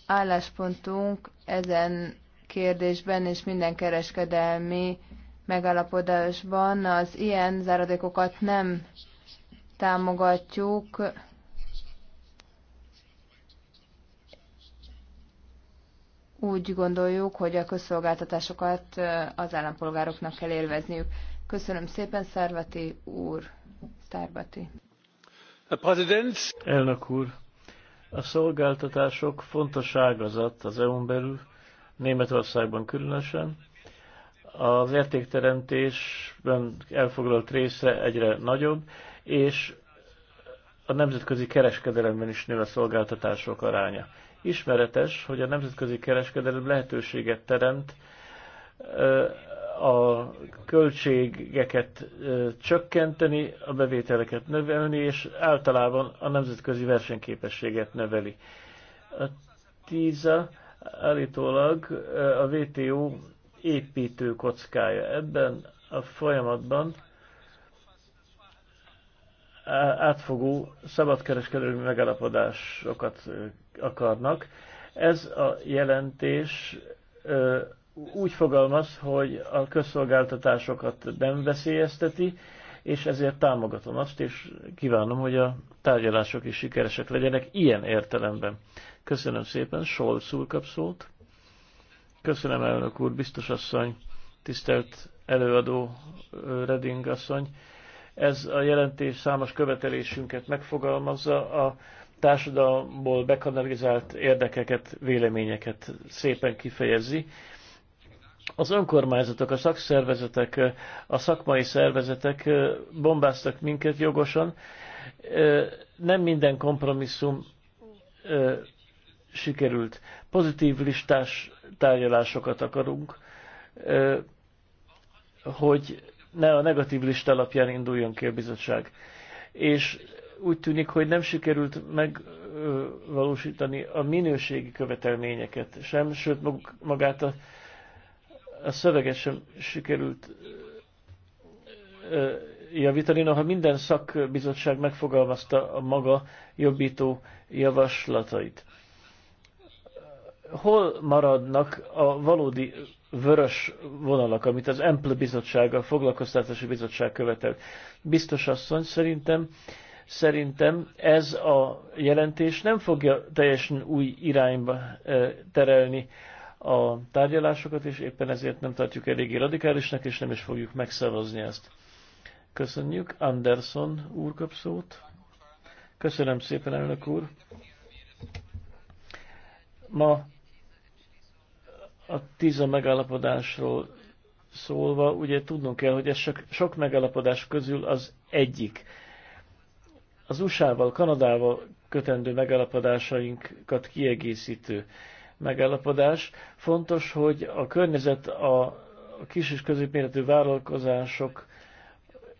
álláspontunk ezen kérdésben és minden kereskedelmi megállapodásban az ilyen záradékokat nem támogatjuk, úgy gondoljuk, hogy a közszolgáltatásokat az állampolgároknak kell élvezniük. Köszönöm szépen, Szervati úr, Sztárbati. Elnök úr, a szolgáltatások fontos ágazat az EU-n belül, Németországban különösen. Az értékteremtésben elfoglalt része egyre nagyobb, és a nemzetközi kereskedelemben is nő a szolgáltatások aránya. Ismeretes, hogy a nemzetközi kereskedelem lehetőséget teremt a költségeket csökkenteni, a bevételeket növelni, és általában a nemzetközi versenyképességet növeli. A TISA állítólag a WTO építő kockája. Ebben a folyamatban átfogó szabadkereskedelmi megállapodásokat akarnak. Ez a jelentés úgy fogalmaz, hogy a közszolgáltatásokat nem veszélyezteti, és ezért támogatom azt, és kívánom, hogy a tárgyalások is sikeresek legyenek ilyen értelemben. Köszönöm szépen, Solc úr kap szót. Köszönöm, elnök úr, biztos asszony, tisztelt előadó Reding asszony. Ez a jelentés számos követelésünket megfogalmazza. A társadalomból bekanalizált érdekeket, véleményeket szépen kifejezi. Az önkormányzatok, a szakszervezetek, a szakmai szervezetek bombáztak minket jogosan. Nem minden kompromisszum sikerült. Pozitív listás tárgyalásokat akarunk, hogy ne a negatív lista alapján induljon ki a bizottság. És úgy tűnik, hogy nem sikerült megvalósítani a minőségi követelményeket sem, sőt magát a, a szöveget sem sikerült javítani. Noha minden szakbizottság megfogalmazta a maga jobbító javaslatait. Hol maradnak a valódi vörös vonalak, amit az Ample bizottság, a foglalkoztatási bizottság követel? Biztos asszony, szerintem Szerintem ez a jelentés nem fogja teljesen új irányba e, terelni a tárgyalásokat, és éppen ezért nem tartjuk eléggé radikálisnak, és nem is fogjuk megszavazni ezt. Köszönjük. Anderson úr kap szót. Köszönöm szépen, elnök úr. Ma a tíza megállapodásról szólva, ugye tudnunk kell, hogy ez sok, sok megállapodás közül az egyik az USA-val, Kanadával kötendő megállapodásainkat kiegészítő megállapodás. Fontos, hogy a környezet a kis és középméretű vállalkozások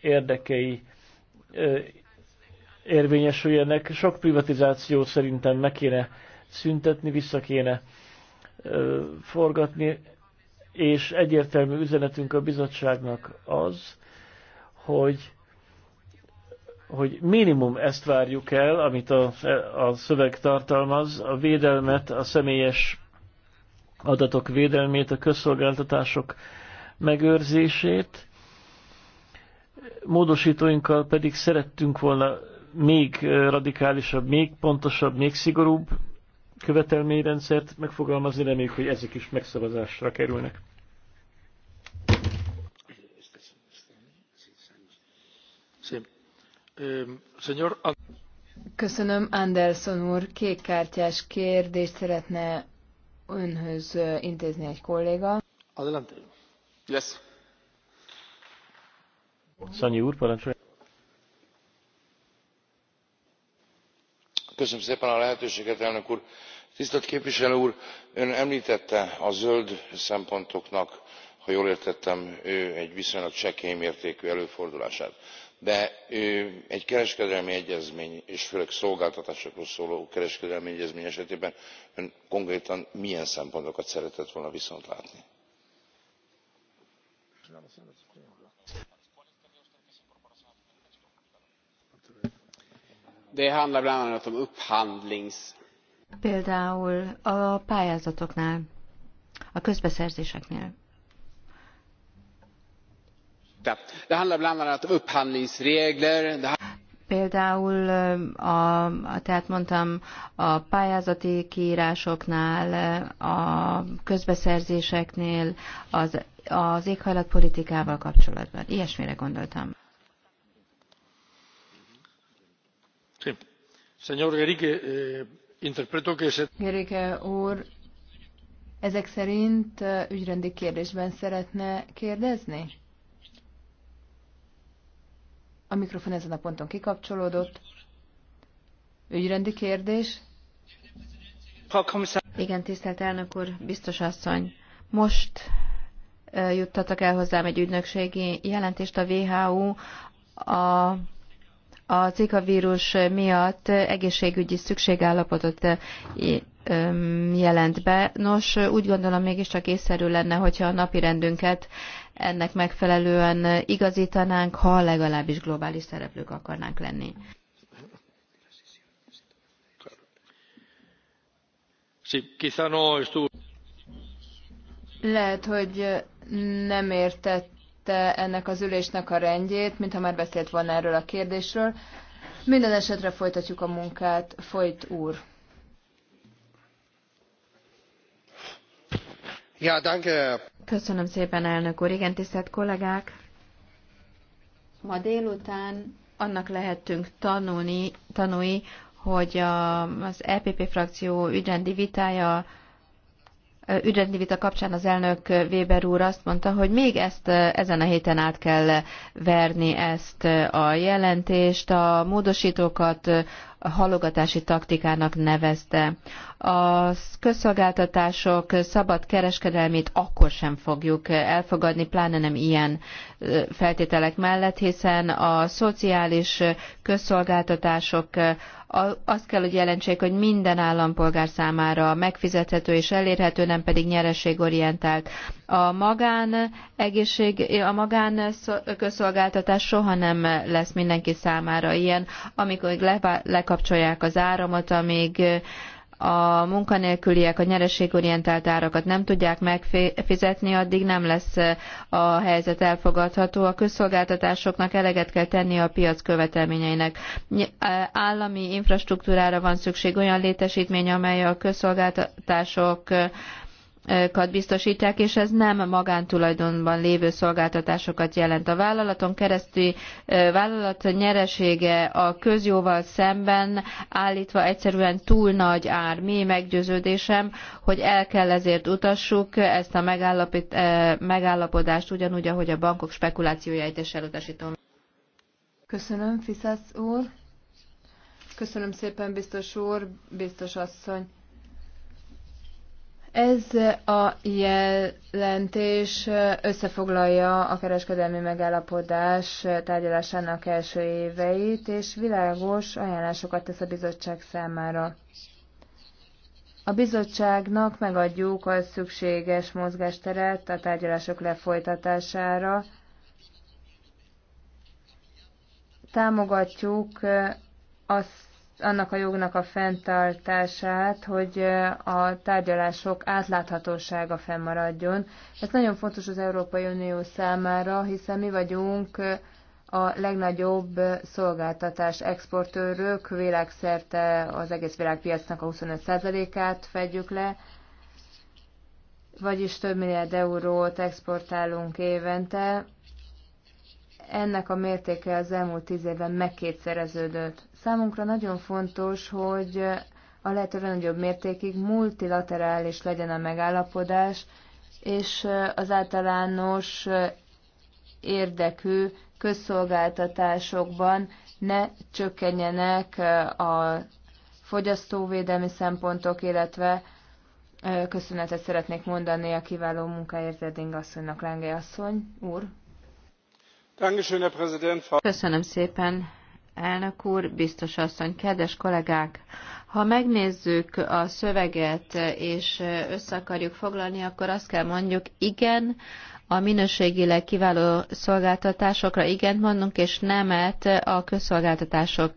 érdekei érvényesüljenek. Sok privatizáció szerintem meg kéne szüntetni, vissza kéne forgatni, és egyértelmű üzenetünk a bizottságnak az, hogy hogy minimum ezt várjuk el, amit a, a szöveg tartalmaz, a védelmet, a személyes adatok védelmét, a közszolgáltatások megőrzését. Módosítóinkkal pedig szerettünk volna még radikálisabb, még pontosabb, még szigorúbb követelményrendszert megfogalmazni, reméljük, hogy ezek is megszavazásra kerülnek. Ehm, Köszönöm, Anderson úr. Kékkártyás kérdést szeretne önhöz intézni egy kolléga. Adelante. Yes. Szanyi úr, parancsolja. Köszönöm szépen a lehetőséget, elnök úr. Tisztelt képviselő úr, ön említette a zöld szempontoknak, ha jól értettem, ő egy viszonylag csekély mértékű előfordulását de egy kereskedelmi egyezmény és főleg szolgáltatásokról szóló kereskedelmi egyezmény esetében ön konkrétan milyen szempontokat szeretett volna viszont látni? Például a pályázatoknál, a közbeszerzéseknél. Hát hát hát- Például, a, tehát mondtam, a pályázati kiírásoknál, a közbeszerzéseknél, az, az éghajlatpolitikával kapcsolatban. Ilyesmire gondoltam. Sí. Gerike, eh, Gerike úr, ezek szerint ügyrendi kérdésben szeretne kérdezni? A mikrofon ezen a ponton kikapcsolódott. Ügyrendi kérdés? Igen, tisztelt elnök úr, biztos asszony. Most juttatok el hozzám egy ügynökségi jelentést a WHO a a Zika vírus miatt egészségügyi szükségállapotot jelent be. Nos, úgy gondolom mégiscsak észszerű lenne, hogyha a napi rendünket ennek megfelelően igazítanánk, ha legalábbis globális szereplők akarnánk lenni. Lehet, hogy nem értette ennek az ülésnek a rendjét, mintha már beszélt volna erről a kérdésről. Minden esetre folytatjuk a munkát. Folyt úr. Ja, danke. Köszönöm szépen, elnök úr. Igen, tisztelt kollégák! Ma délután annak lehetünk tanulni, tanulni hogy a, az EPP frakció ügyrendi vitája ügyrendi vita kapcsán az elnök Weber úr azt mondta, hogy még ezt ezen a héten át kell verni ezt a jelentést, a módosítókat, halogatási taktikának nevezte. A közszolgáltatások szabad kereskedelmét akkor sem fogjuk elfogadni, pláne nem ilyen feltételek mellett, hiszen a szociális közszolgáltatások azt kell, hogy jelentsék, hogy minden állampolgár számára megfizethető és elérhető, nem pedig nyereségorientált. A magán egészség, a magán közszolgáltatás soha nem lesz mindenki számára ilyen, amikor lekapcsolják az áramot, amíg a munkanélküliek a nyereségorientált árakat nem tudják megfizetni, addig nem lesz eh, a helyzet elfogadható. A közszolgáltatásoknak eleget kell tenni a piac követelményeinek. Eh, állami infrastruktúrára van szükség olyan létesítmény, amely a közszolgáltatások eh, kat biztosítják, és ez nem magántulajdonban lévő szolgáltatásokat jelent. A vállalaton keresztül vállalat nyeresége a közjóval szemben állítva egyszerűen túl nagy ár. Mi meggyőződésem, hogy el kell ezért utassuk ezt a megállapodást, ugyanúgy, ahogy a bankok spekulációjait is elutasítom. Köszönöm, Fiszász úr. Köszönöm szépen, biztos úr, biztos asszony. Ez a jelentés összefoglalja a kereskedelmi megállapodás tárgyalásának első éveit, és világos ajánlásokat tesz a bizottság számára. A bizottságnak megadjuk a szükséges mozgásteret a tárgyalások lefolytatására. Támogatjuk azt annak a jognak a fenntartását, hogy a tárgyalások átláthatósága fennmaradjon. Ez nagyon fontos az Európai Unió számára, hiszen mi vagyunk a legnagyobb szolgáltatás exportőrök világszerte az egész világpiacnak a 25%-át fedjük le, vagyis több milliárd eurót exportálunk évente, ennek a mértéke az elmúlt tíz évben megkétszereződött. Számunkra nagyon fontos, hogy a lehető legnagyobb mértékig multilaterális legyen a megállapodás, és az általános érdekű közszolgáltatásokban ne csökkenjenek a fogyasztóvédelmi szempontok, illetve köszönetet szeretnék mondani a kiváló munkáért Reding asszonynak, Lange asszony, úr. Köszönöm szépen, elnök úr, biztos asszony, kedves kollégák! Ha megnézzük a szöveget és össze akarjuk foglalni, akkor azt kell mondjuk, igen, a minőségileg kiváló szolgáltatásokra igent mondunk, és nemet a közszolgáltatások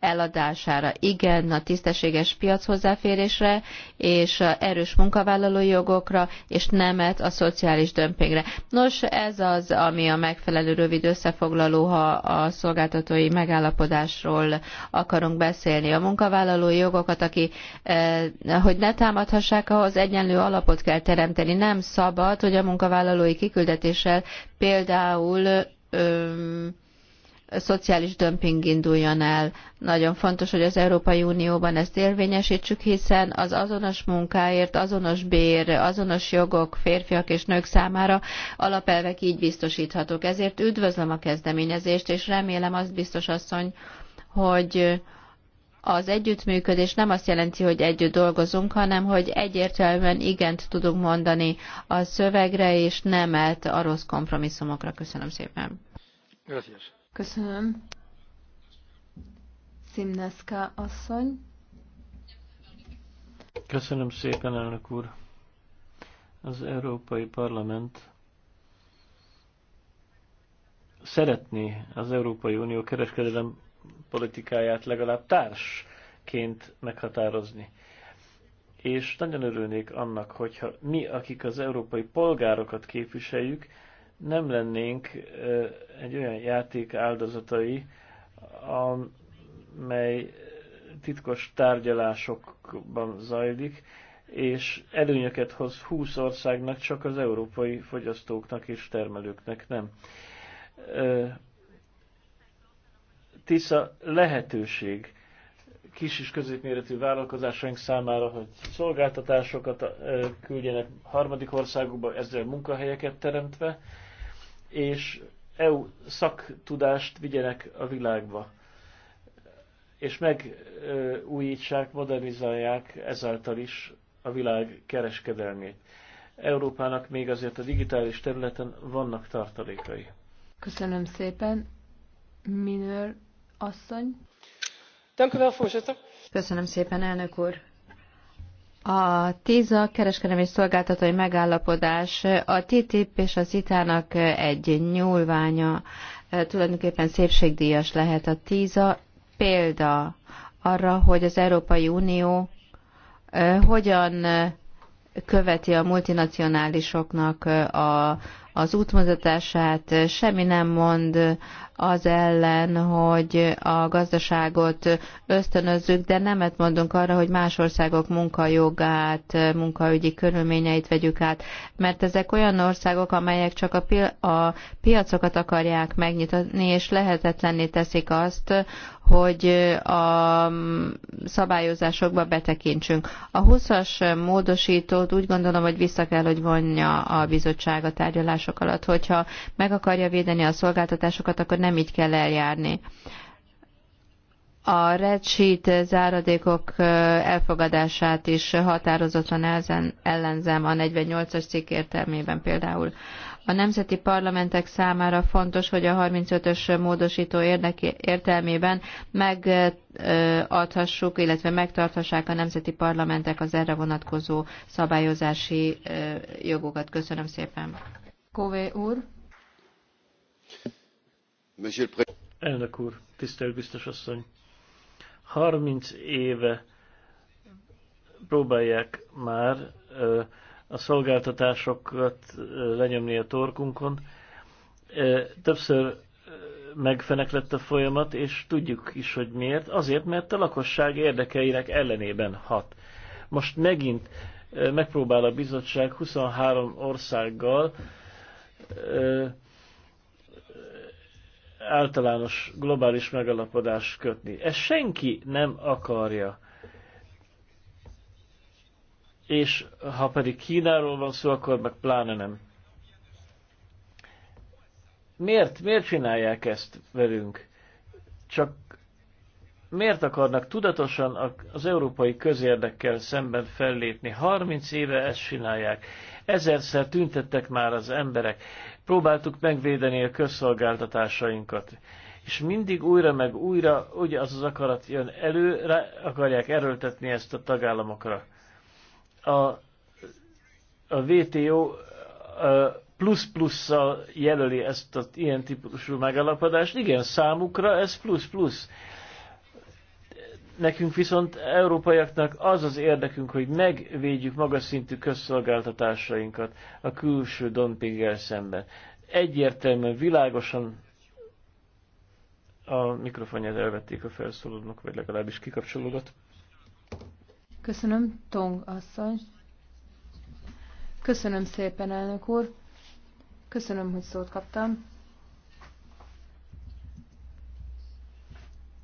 eladására. Igen, a tisztességes piac hozzáférésre, és erős munkavállalói jogokra, és nemet a szociális dömpingre. Nos, ez az, ami a megfelelő rövid összefoglaló, ha a szolgáltatói megállapodásról akarunk beszélni. A munkavállalói jogokat, aki, eh, hogy ne támadhassák, ahhoz egyenlő alapot kell teremteni. Nem szabad, hogy a munkavállalói kiküldetéssel például eh, szociális dömping induljon el. Nagyon fontos, hogy az Európai Unióban ezt érvényesítsük, hiszen az azonos munkáért, azonos bér, azonos jogok férfiak és nők számára alapelvek így biztosíthatók. Ezért üdvözlöm a kezdeményezést, és remélem azt biztos asszony, hogy az együttműködés nem azt jelenti, hogy együtt dolgozunk, hanem hogy egyértelműen igent tudunk mondani a szövegre, és nemet a rossz kompromisszumokra. Köszönöm szépen. Köszönöm. Köszönöm. Szimneszka asszony. Köszönöm szépen, elnök úr. Az Európai Parlament szeretné az Európai Unió kereskedelem politikáját legalább társként meghatározni. És nagyon örülnék annak, hogyha mi, akik az európai polgárokat képviseljük, nem lennénk egy olyan játék áldozatai, amely titkos tárgyalásokban zajlik, és előnyöket hoz 20 országnak, csak az európai fogyasztóknak és termelőknek nem. Tisza lehetőség kis és középméretű vállalkozásaink számára, hogy szolgáltatásokat küldjenek harmadik országokba, ezzel munkahelyeket teremtve, és EU szaktudást vigyenek a világba, és megújítsák, modernizálják ezáltal is a világ kereskedelmét. Európának még azért a digitális területen vannak tartalékai. Köszönöm szépen. Minőr asszony. Köszönöm szépen, elnök úr a TISA kereskedelmi szolgáltatói megállapodás a TTIP és az ITA-nak egy nyúlványa, e, tulajdonképpen szépségdíjas lehet a TISA példa arra, hogy az Európai Unió e, hogyan e, követi a multinacionálisoknak a, az útmutatását, semmi nem mond az ellen, hogy a gazdaságot ösztönözzük, de nemet mondunk arra, hogy más országok munkajogát, munkaügyi körülményeit vegyük át, mert ezek olyan országok, amelyek csak a, pi- a piacokat akarják megnyitni, és lehetetlenné teszik azt, hogy a szabályozásokba betekintsünk. A 20-as módosítót úgy gondolom, hogy vissza kell, hogy vonja a bizottság a tárgyalások alatt. Hogyha meg akarja védeni a szolgáltatásokat, akkor nem nem így kell eljárni. A red sheet záradékok elfogadását is határozottan ellenzem a 48-as cikk értelmében például. A nemzeti parlamentek számára fontos, hogy a 35-ös módosító érdeke, értelmében megadhassuk, illetve megtarthassák a nemzeti parlamentek az erre vonatkozó szabályozási jogokat. Köszönöm szépen. Kové úr. Elnök úr, tisztelt biztos asszony! 30 éve próbálják már a szolgáltatásokat lenyomni a torkunkon. Többször megfeneklett a folyamat, és tudjuk is, hogy miért. Azért, mert a lakosság érdekeinek ellenében hat. Most megint megpróbál a bizottság 23 országgal általános globális megalapodást kötni. Ezt senki nem akarja. És ha pedig Kínáról van szó, akkor meg pláne nem. Miért, miért csinálják ezt velünk? Csak miért akarnak tudatosan az európai közérdekkel szemben fellépni? 30 éve ezt csinálják. Ezerszer tüntettek már az emberek. Próbáltuk megvédeni a közszolgáltatásainkat. És mindig újra meg újra ugye az az akarat jön elő, rá akarják erőltetni ezt a tagállamokra. A, a WTO plusz plusszal jelöli ezt a ilyen típusú megalapodást. Igen, számukra ez plusz plusz. Nekünk viszont európaiaknak az az érdekünk, hogy megvédjük magas szintű közszolgáltatásainkat a külső dumpinggel szemben. Egyértelműen, világosan a mikrofonját elvették a felszólódnak, vagy legalábbis kikapcsolódott. Köszönöm, Tong asszony. Köszönöm szépen, elnök úr. Köszönöm, hogy szót kaptam.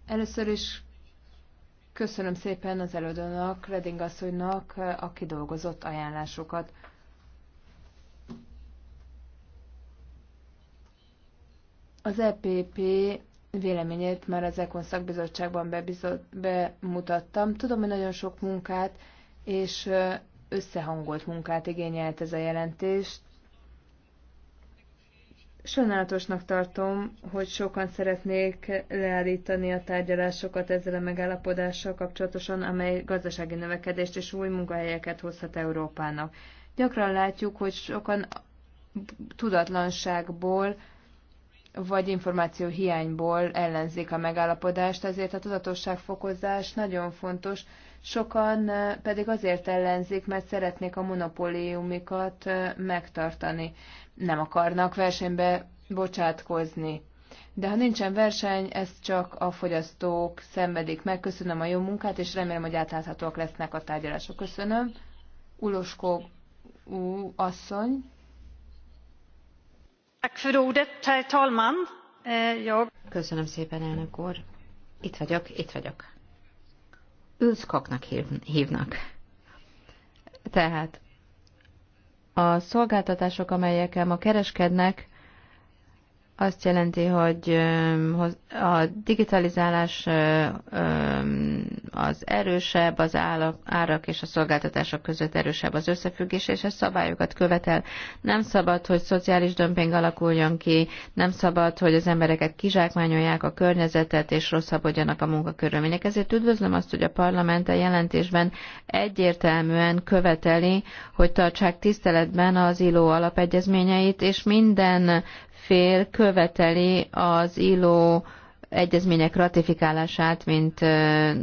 Először is Köszönöm szépen az elődönök, Reding asszonynak aki dolgozott ajánlásokat. Az EPP véleményét már az Ekon szakbizottságban bemutattam. Tudom, hogy nagyon sok munkát és összehangolt munkát igényelt ez a jelentés. Sajnálatosnak tartom, hogy sokan szeretnék leállítani a tárgyalásokat ezzel a megállapodással kapcsolatosan, amely gazdasági növekedést és új munkahelyeket hozhat Európának. Gyakran látjuk, hogy sokan tudatlanságból vagy információ hiányból ellenzik a megállapodást, ezért a tudatosságfokozás nagyon fontos, sokan pedig azért ellenzik, mert szeretnék a monopóliumikat megtartani nem akarnak versenybe bocsátkozni. De ha nincsen verseny, ezt csak a fogyasztók szenvedik meg. Köszönöm a jó munkát, és remélem, hogy átláthatóak lesznek a tárgyalások. Köszönöm. Uloskó ú, asszony. Eh, Köszönöm szépen, elnök úr. Itt vagyok, itt vagyok. Ülszkaknak hívnak. Tehát a szolgáltatások, amelyekkel ma kereskednek, azt jelenti, hogy a digitalizálás az erősebb, az árak és a szolgáltatások között erősebb az összefüggés, és ez szabályokat követel. Nem szabad, hogy szociális dömping alakuljon ki, nem szabad, hogy az embereket kizsákmányolják a környezetet, és rosszabbodjanak a munkakörülmények. Ezért üdvözlöm azt, hogy a parlament a jelentésben egyértelműen követeli, hogy tartsák tiszteletben az ILO alapegyezményeit, és minden fél követeli az ILO egyezmények ratifikálását, mint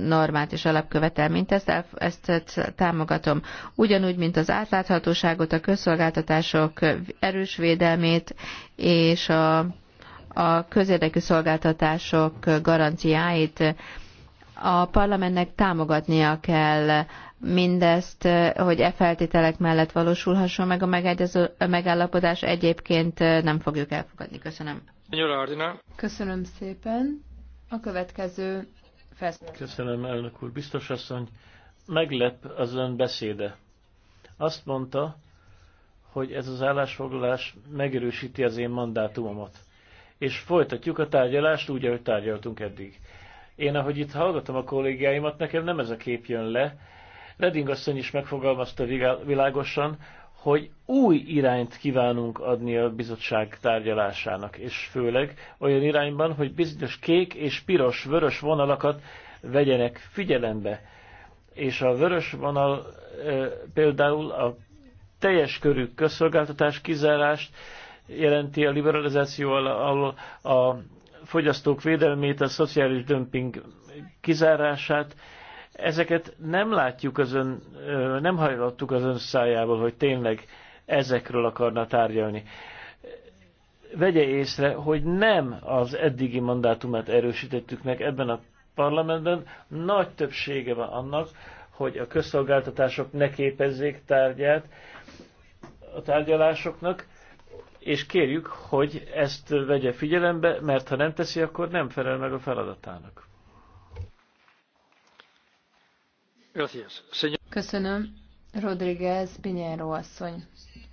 normát és alapkövetelményt. Ezt, ezt támogatom. Ugyanúgy, mint az átláthatóságot, a közszolgáltatások erős védelmét és a, a közérdekű szolgáltatások garanciáit a parlamentnek támogatnia kell mindezt, hogy e feltételek mellett valósulhasson meg a, megegyező, a megállapodás, egyébként nem fogjuk elfogadni. Köszönöm. Köszönöm szépen. A következő felszólalás. Köszönöm, elnök úr. Biztos asszony, meglep az ön beszéde. Azt mondta, hogy ez az állásfoglalás megerősíti az én mandátumomat. És folytatjuk a tárgyalást úgy, ahogy tárgyaltunk eddig. Én, ahogy itt hallgatom a kollégiáimat, nekem nem ez a kép jön le, Reding asszony is megfogalmazta világosan, hogy új irányt kívánunk adni a bizottság tárgyalásának, és főleg olyan irányban, hogy bizonyos kék és piros, vörös vonalakat vegyenek figyelembe. És a vörös vonal e, például a teljes körű közszolgáltatás kizárást jelenti a liberalizáció alól a fogyasztók védelmét, a szociális dömping kizárását, Ezeket nem látjuk az ön, nem hallottuk az ön szájából, hogy tényleg ezekről akarna tárgyalni. Vegye észre, hogy nem az eddigi mandátumát erősítettük meg ebben a parlamentben. Nagy többsége van annak, hogy a közszolgáltatások ne képezzék tárgyát a tárgyalásoknak, és kérjük, hogy ezt vegye figyelembe, mert ha nem teszi, akkor nem felel meg a feladatának. Köszönöm. Rodriguez Pinheiro asszony.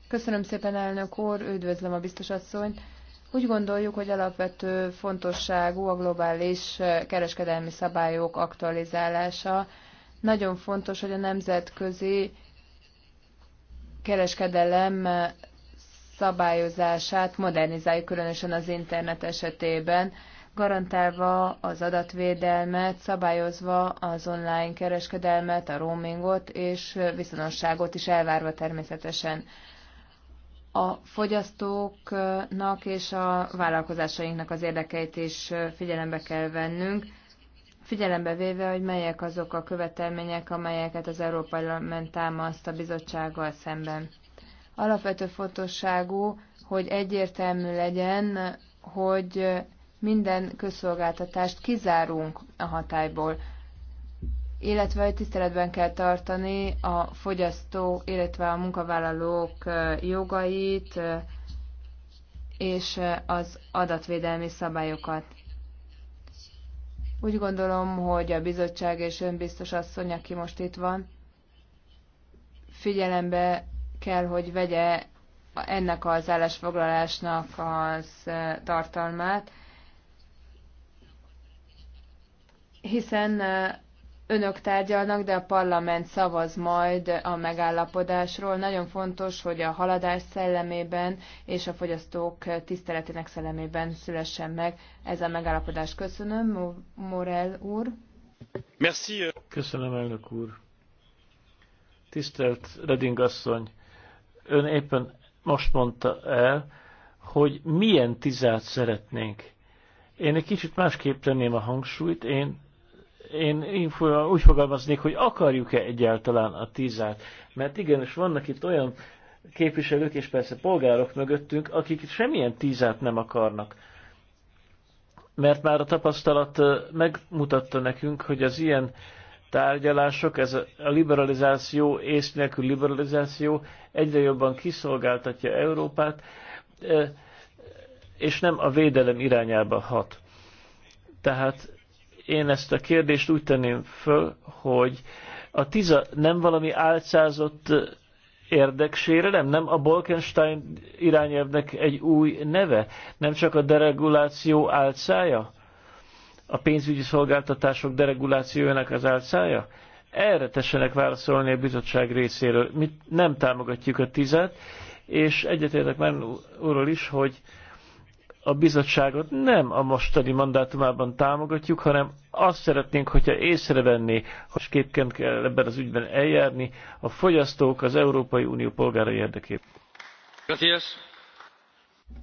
Köszönöm szépen, elnök úr, üdvözlöm a biztos asszonyt. Úgy gondoljuk, hogy alapvető fontosságú a globális kereskedelmi szabályok aktualizálása. Nagyon fontos, hogy a nemzetközi kereskedelem szabályozását modernizáljuk, különösen az internet esetében garantálva az adatvédelmet, szabályozva az online kereskedelmet, a roamingot és viszonosságot is elvárva természetesen a fogyasztóknak és a vállalkozásainknak az érdekeit is figyelembe kell vennünk, figyelembe véve, hogy melyek azok a követelmények, amelyeket az Európai Parlament támaszt a bizottsággal szemben. Alapvető fontosságú, hogy egyértelmű legyen, hogy minden közszolgáltatást kizárunk a hatályból, illetve tiszteletben kell tartani a fogyasztó, illetve a munkavállalók jogait és az adatvédelmi szabályokat. Úgy gondolom, hogy a bizottság és önbiztos asszony, aki most itt van, figyelembe kell, hogy vegye ennek az állásfoglalásnak az tartalmát, hiszen önök tárgyalnak, de a parlament szavaz majd a megállapodásról. Nagyon fontos, hogy a haladás szellemében és a fogyasztók tiszteletének szellemében szülessen meg ez a megállapodás. Köszönöm, Morel úr. Merci. Köszönöm, elnök úr. Tisztelt Reding asszony, ön éppen most mondta el, hogy milyen tizát szeretnénk. Én egy kicsit másképp tenném a hangsúlyt, én én úgy fogalmaznék, hogy akarjuk-e egyáltalán a tízát. Mert igenis vannak itt olyan képviselők és persze polgárok mögöttünk, akik semmilyen tízát nem akarnak. Mert már a tapasztalat megmutatta nekünk, hogy az ilyen tárgyalások, ez a liberalizáció, ész nélkül liberalizáció egyre jobban kiszolgáltatja Európát, és nem a védelem irányába hat. Tehát én ezt a kérdést úgy tenném föl, hogy a TIZA nem valami álcázott érdeksérelem, nem a Bolkenstein irányelvnek egy új neve, nem csak a dereguláció álcája, a pénzügyi szolgáltatások deregulációjának az álcája? Erre tessenek válaszolni a bizottság részéről. Mi nem támogatjuk a tizet, és egyetértek már úrról is, hogy a bizottságot nem a mostani mandátumában támogatjuk, hanem azt szeretnénk, hogyha észrevenné, hogy képként kell ebben az ügyben eljárni a fogyasztók az Európai Unió polgárai érdekében.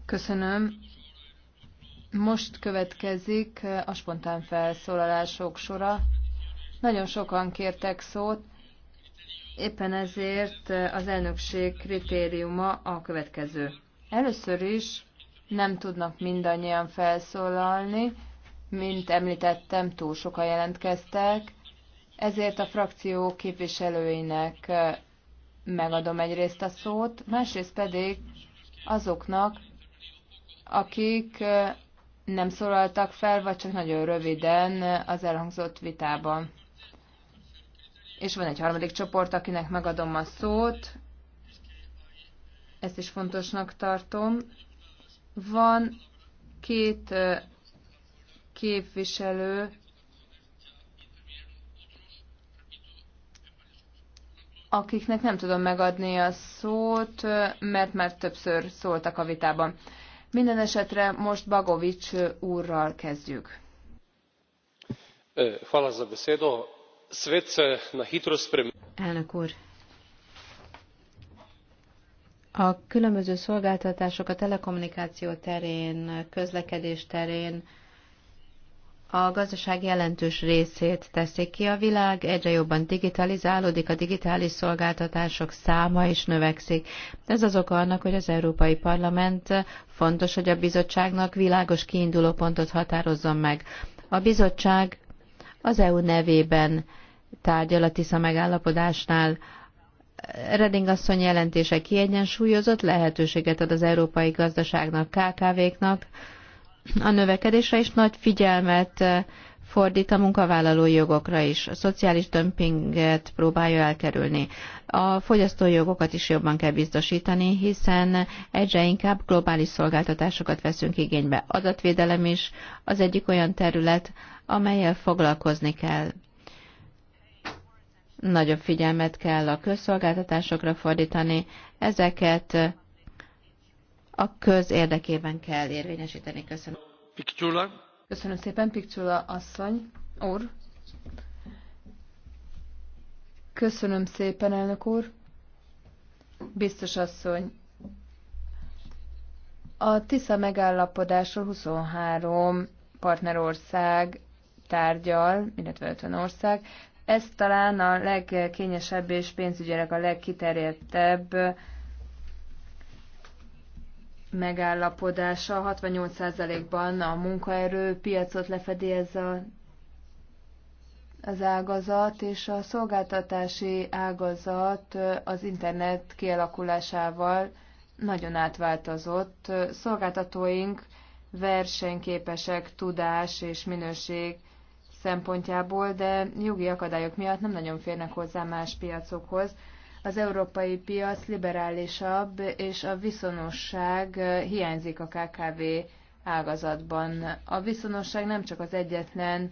Köszönöm. Most következik a spontán felszólalások sora. Nagyon sokan kértek szót, éppen ezért az elnökség kritériuma a következő. Először is nem tudnak mindannyian felszólalni, mint említettem, túl sokan jelentkeztek, ezért a frakció képviselőinek megadom egyrészt a szót, másrészt pedig azoknak, akik nem szólaltak fel, vagy csak nagyon röviden az elhangzott vitában. És van egy harmadik csoport, akinek megadom a szót, ezt is fontosnak tartom, van két képviselő, akiknek nem tudom megadni a szót, mert már többször szóltak a vitában. Minden esetre most Bagovics úrral kezdjük. Elnök úr, a különböző szolgáltatások a telekommunikáció terén, közlekedés terén a gazdaság jelentős részét teszik ki. A világ egyre jobban digitalizálódik, a digitális szolgáltatások száma is növekszik. Ez az oka annak, hogy az Európai Parlament fontos, hogy a bizottságnak világos kiinduló pontot határozzon meg. A bizottság az EU nevében tárgyal a TISZA megállapodásnál Reding asszony jelentése kiegyensúlyozott lehetőséget ad az európai gazdaságnak, KKV-knak a növekedésre, és nagy figyelmet eh, fordít a munkavállalói jogokra is. A szociális dömpinget próbálja elkerülni. A fogyasztói jogokat is jobban kell biztosítani, hiszen egyre inkább globális szolgáltatásokat veszünk igénybe. Adatvédelem is az egyik olyan terület, amelyel foglalkozni kell. Nagyobb figyelmet kell a közszolgáltatásokra fordítani, ezeket a köz érdekében kell érvényesíteni. Köszönöm. Pikcsula. Köszönöm szépen, Pikcsula asszony, úr. Köszönöm szépen, elnök úr. Biztos asszony, a TISZA megállapodásról 23 partnerország tárgyal, illetve 50 ország. Ez talán a legkényesebb és pénzügyileg a legkiterjedtebb megállapodása. 68%-ban a munkaerő piacot lefedi ez a, az ágazat, és a szolgáltatási ágazat az internet kialakulásával nagyon átváltozott. Szolgáltatóink versenyképesek tudás és minőség szempontjából, de jogi akadályok miatt nem nagyon férnek hozzá más piacokhoz. Az európai piac liberálisabb, és a viszonosság hiányzik a KKV ágazatban. A viszonosság nem csak az egyetlen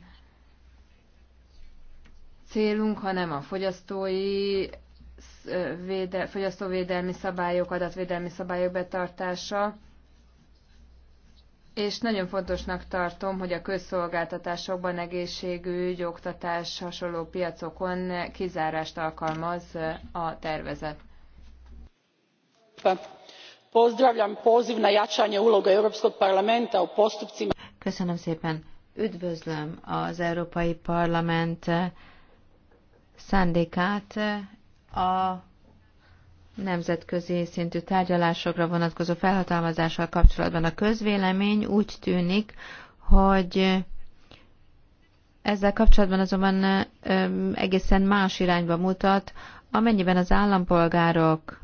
célunk, hanem a fogyasztói véde, fogyasztóvédelmi szabályok, adatvédelmi szabályok betartása, és nagyon fontosnak tartom, hogy a közszolgáltatásokban egészségügy, oktatás, hasonló piacokon kizárást alkalmaz a tervezet. Köszönöm szépen. Üdvözlöm az Európai Parlament szándékát a nemzetközi szintű tárgyalásokra vonatkozó felhatalmazással kapcsolatban a közvélemény úgy tűnik, hogy ezzel kapcsolatban azonban egészen más irányba mutat, amennyiben az állampolgárok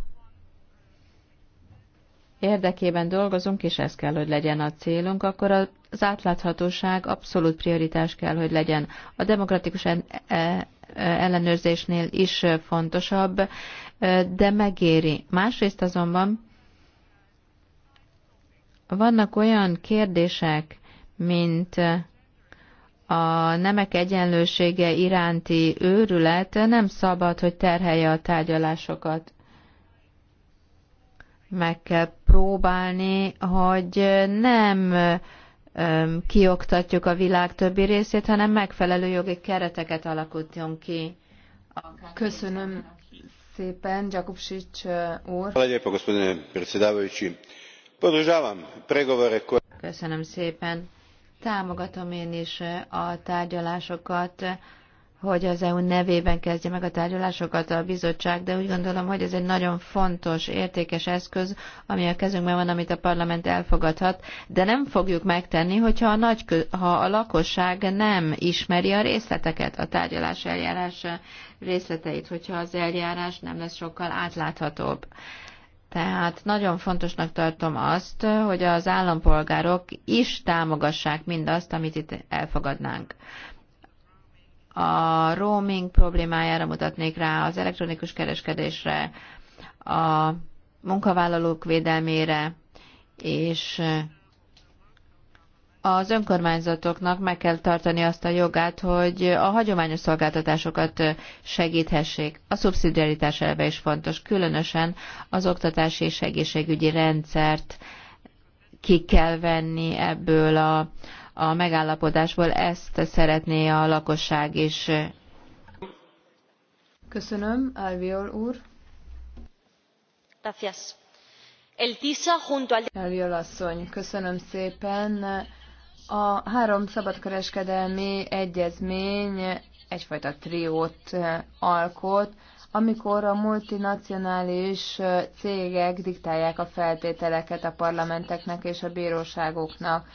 érdekében dolgozunk, és ez kell, hogy legyen a célunk, akkor az átláthatóság abszolút prioritás kell, hogy legyen. A demokratikus e- e- ellenőrzésnél is fontosabb de megéri. Másrészt azonban vannak olyan kérdések, mint a nemek egyenlősége iránti őrület nem szabad, hogy terhelje a tárgyalásokat. Meg kell próbálni, hogy nem kioktatjuk a világ többi részét, hanem megfelelő jogi kereteket alakítjunk ki. Köszönöm szépen, Jakubsics úr. Köszönöm szépen. Támogatom én is a tárgyalásokat, hogy az EU nevében kezdje meg a tárgyalásokat a bizottság, de úgy gondolom, hogy ez egy nagyon fontos, értékes eszköz, ami a kezünkben van, amit a parlament elfogadhat, de nem fogjuk megtenni, hogyha a, nagy, ha a lakosság nem ismeri a részleteket a tárgyalás eljárás részleteit, hogyha az eljárás nem lesz sokkal átláthatóbb. Tehát nagyon fontosnak tartom azt, hogy az állampolgárok is támogassák mindazt, amit itt elfogadnánk. A roaming problémájára mutatnék rá, az elektronikus kereskedésre, a munkavállalók védelmére, és az önkormányzatoknak meg kell tartani azt a jogát, hogy a hagyományos szolgáltatásokat segíthessék. A szubszidiaritás elve is fontos, különösen az oktatási és egészségügyi rendszert ki kell venni ebből a, a megállapodásból. Ezt szeretné a lakosság is. Köszönöm, Alviol úr. Gracias. El TISA junto al... Alviol asszony, köszönöm szépen a három szabadkereskedelmi egyezmény egyfajta triót eh, alkot, amikor a multinacionális eh, cégek diktálják a feltételeket a parlamenteknek és a bíróságoknak,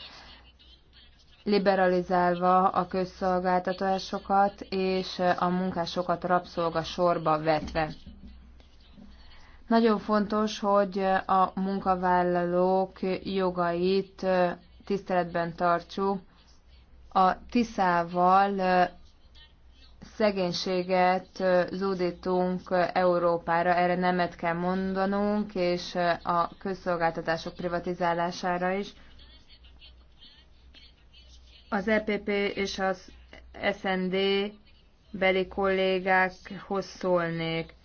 liberalizálva a közszolgáltatásokat és eh, a munkásokat rabszolga sorba vetve. Nagyon fontos, hogy a munkavállalók jogait tiszteletben tartsuk. A Tiszával szegénységet zúdítunk Európára, erre nemet kell mondanunk, és a közszolgáltatások privatizálására is. Az EPP és az SND beli kollégákhoz szólnék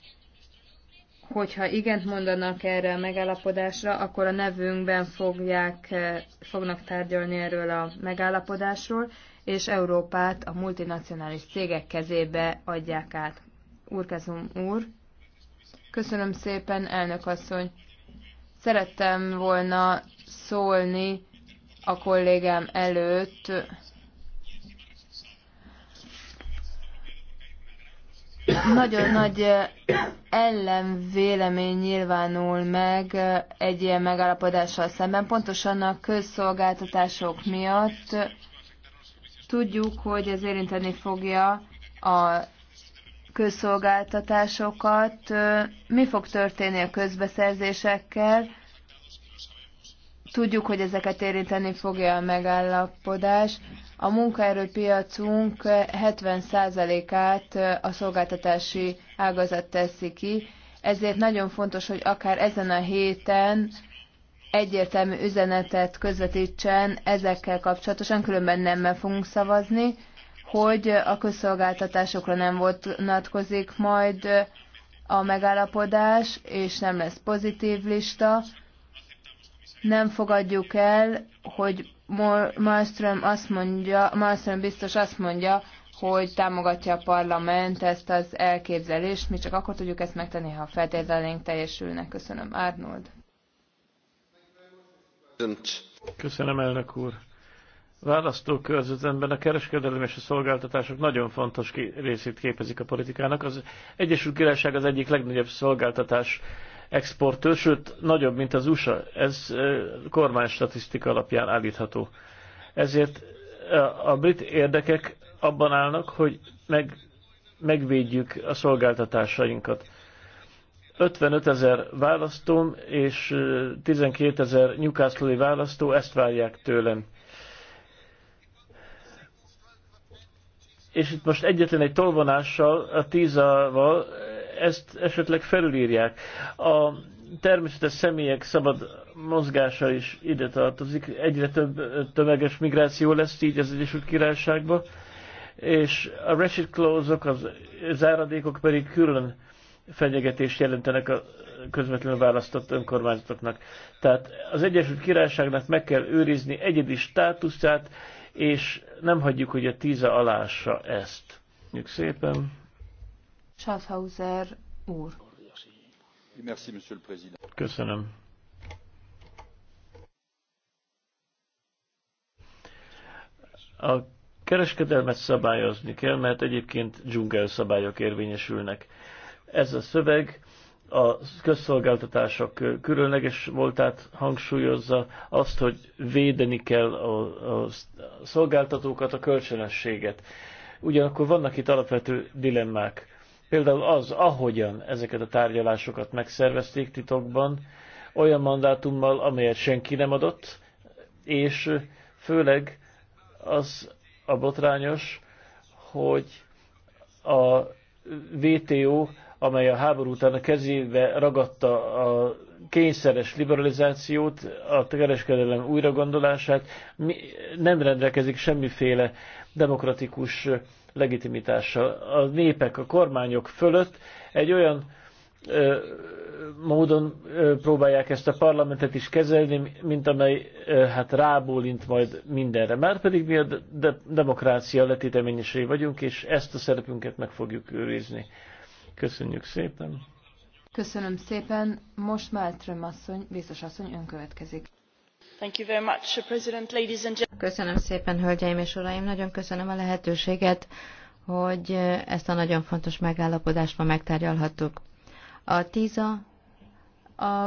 hogyha igent mondanak erre a megállapodásra, akkor a nevünkben fogják, eh, fognak tárgyalni erről a megállapodásról, és Európát a multinacionális cégek kezébe adják át. Urkezum úr, köszönöm szépen, elnök asszony. Szerettem volna szólni a kollégám előtt, nagyon nagy ellenvélemény nyilvánul meg egy ilyen megállapodással szemben, pontosan a közszolgáltatások miatt tudjuk, hogy ez érinteni fogja a közszolgáltatásokat. Mi fog történni a közbeszerzésekkel? Tudjuk, hogy ezeket érinteni fogja a megállapodás a munkaerőpiacunk 70%-át a szolgáltatási ágazat teszi ki, ezért nagyon fontos, hogy akár ezen a héten egyértelmű üzenetet közvetítsen ezekkel kapcsolatosan, különben nem fogunk szavazni, hogy a közszolgáltatásokra nem vonatkozik majd a megállapodás, és nem lesz pozitív lista. Nem fogadjuk el, hogy Malmström azt mondja, Malmström biztos azt mondja, hogy támogatja a parlament ezt az elképzelést. Mi csak akkor tudjuk ezt megtenni, ha a feltételeink teljesülnek. Köszönöm. Arnold. Köszönöm, elnök úr. Választókörzetemben a kereskedelem és a szolgáltatások nagyon fontos részét képezik a politikának. Az Egyesült Királyság az egyik legnagyobb szolgáltatás exportőr, sőt nagyobb, mint az USA. Ez kormány statisztika alapján állítható. Ezért a brit érdekek abban állnak, hogy meg, megvédjük a szolgáltatásainkat. 55 ezer választóm és 12 ezer nyugászlói választó ezt várják tőlem. És itt most egyetlen egy tolvonással, a tízával ezt esetleg felülírják. A természetes személyek szabad mozgása is ide tartozik, egyre több tömeges migráció lesz így az Egyesült királyságban, és a Rashid clause -ok, az záradékok pedig külön fenyegetést jelentenek a közvetlenül választott önkormányzatoknak. Tehát az Egyesült Királyságnak meg kell őrizni egyedi státuszát, és nem hagyjuk, hogy a tíze alássa ezt. Köszönjük szépen! Schaffhauser úr. Köszönöm. A kereskedelmet szabályozni kell, mert egyébként dzsungel szabályok érvényesülnek. Ez a szöveg a közszolgáltatások különleges voltát hangsúlyozza, azt, hogy védeni kell a, a szolgáltatókat, a kölcsönösséget. Ugyanakkor vannak itt alapvető dilemmák Például az, ahogyan ezeket a tárgyalásokat megszervezték titokban, olyan mandátummal, amelyet senki nem adott, és főleg az a botrányos, hogy a VTO, amely a háború után a kezébe ragadta a kényszeres liberalizációt, a kereskedelem újragondolását, nem rendelkezik semmiféle demokratikus legitimitással a népek, a kormányok fölött egy olyan ö, módon ö, próbálják ezt a parlamentet is kezelni, mint amely ö, hát rábólint majd mindenre. pedig mi a de- demokrácia letéteményesei vagyunk, és ezt a szerepünket meg fogjuk őrizni. Köszönjük szépen! Köszönöm szépen, most Máltröm asszony, biztos asszony, ön következik. Köszönöm szépen, hölgyeim és uraim! Nagyon köszönöm a lehetőséget, hogy ezt a nagyon fontos megállapodást ma megtárgyalhattuk. A TISA a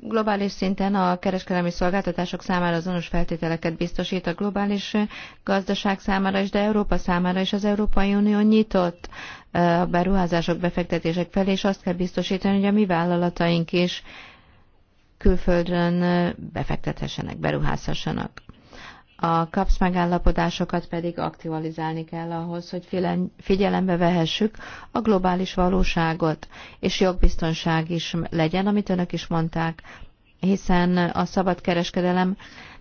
globális szinten a kereskedelmi szolgáltatások számára azonos feltételeket biztosít a globális gazdaság számára is, de Európa számára is az Európai Unió nyitott eh, a beruházások, befektetések felé, és azt kell biztosítani, hogy a mi vállalataink is külföldön befektethessenek, beruházhassanak. A kapsz megállapodásokat pedig aktualizálni kell ahhoz, hogy figyelembe vehessük a globális valóságot, és jogbiztonság is legyen, amit önök is mondták, hiszen a szabad kereskedelem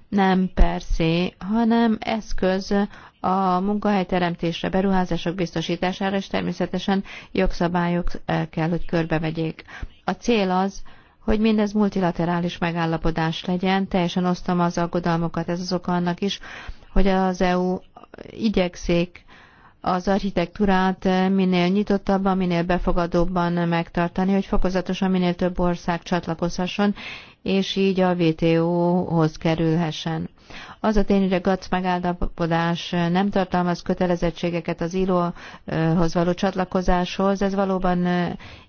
nem persze, hanem eszköz a munkahelyteremtésre, beruházások biztosítására, és természetesen jogszabályok kell, hogy körbevegyék. A cél az, hogy mindez multilaterális megállapodás legyen. Teljesen osztom az aggodalmokat, ez az oka annak is, hogy az EU igyekszik az architektúrát minél nyitottabban, minél befogadóbban megtartani, hogy fokozatosan minél több ország csatlakozhasson, és így a WTO-hoz kerülhessen. Az a tény, hogy a GATS megállapodás nem tartalmaz kötelezettségeket az ILO-hoz való csatlakozáshoz, ez valóban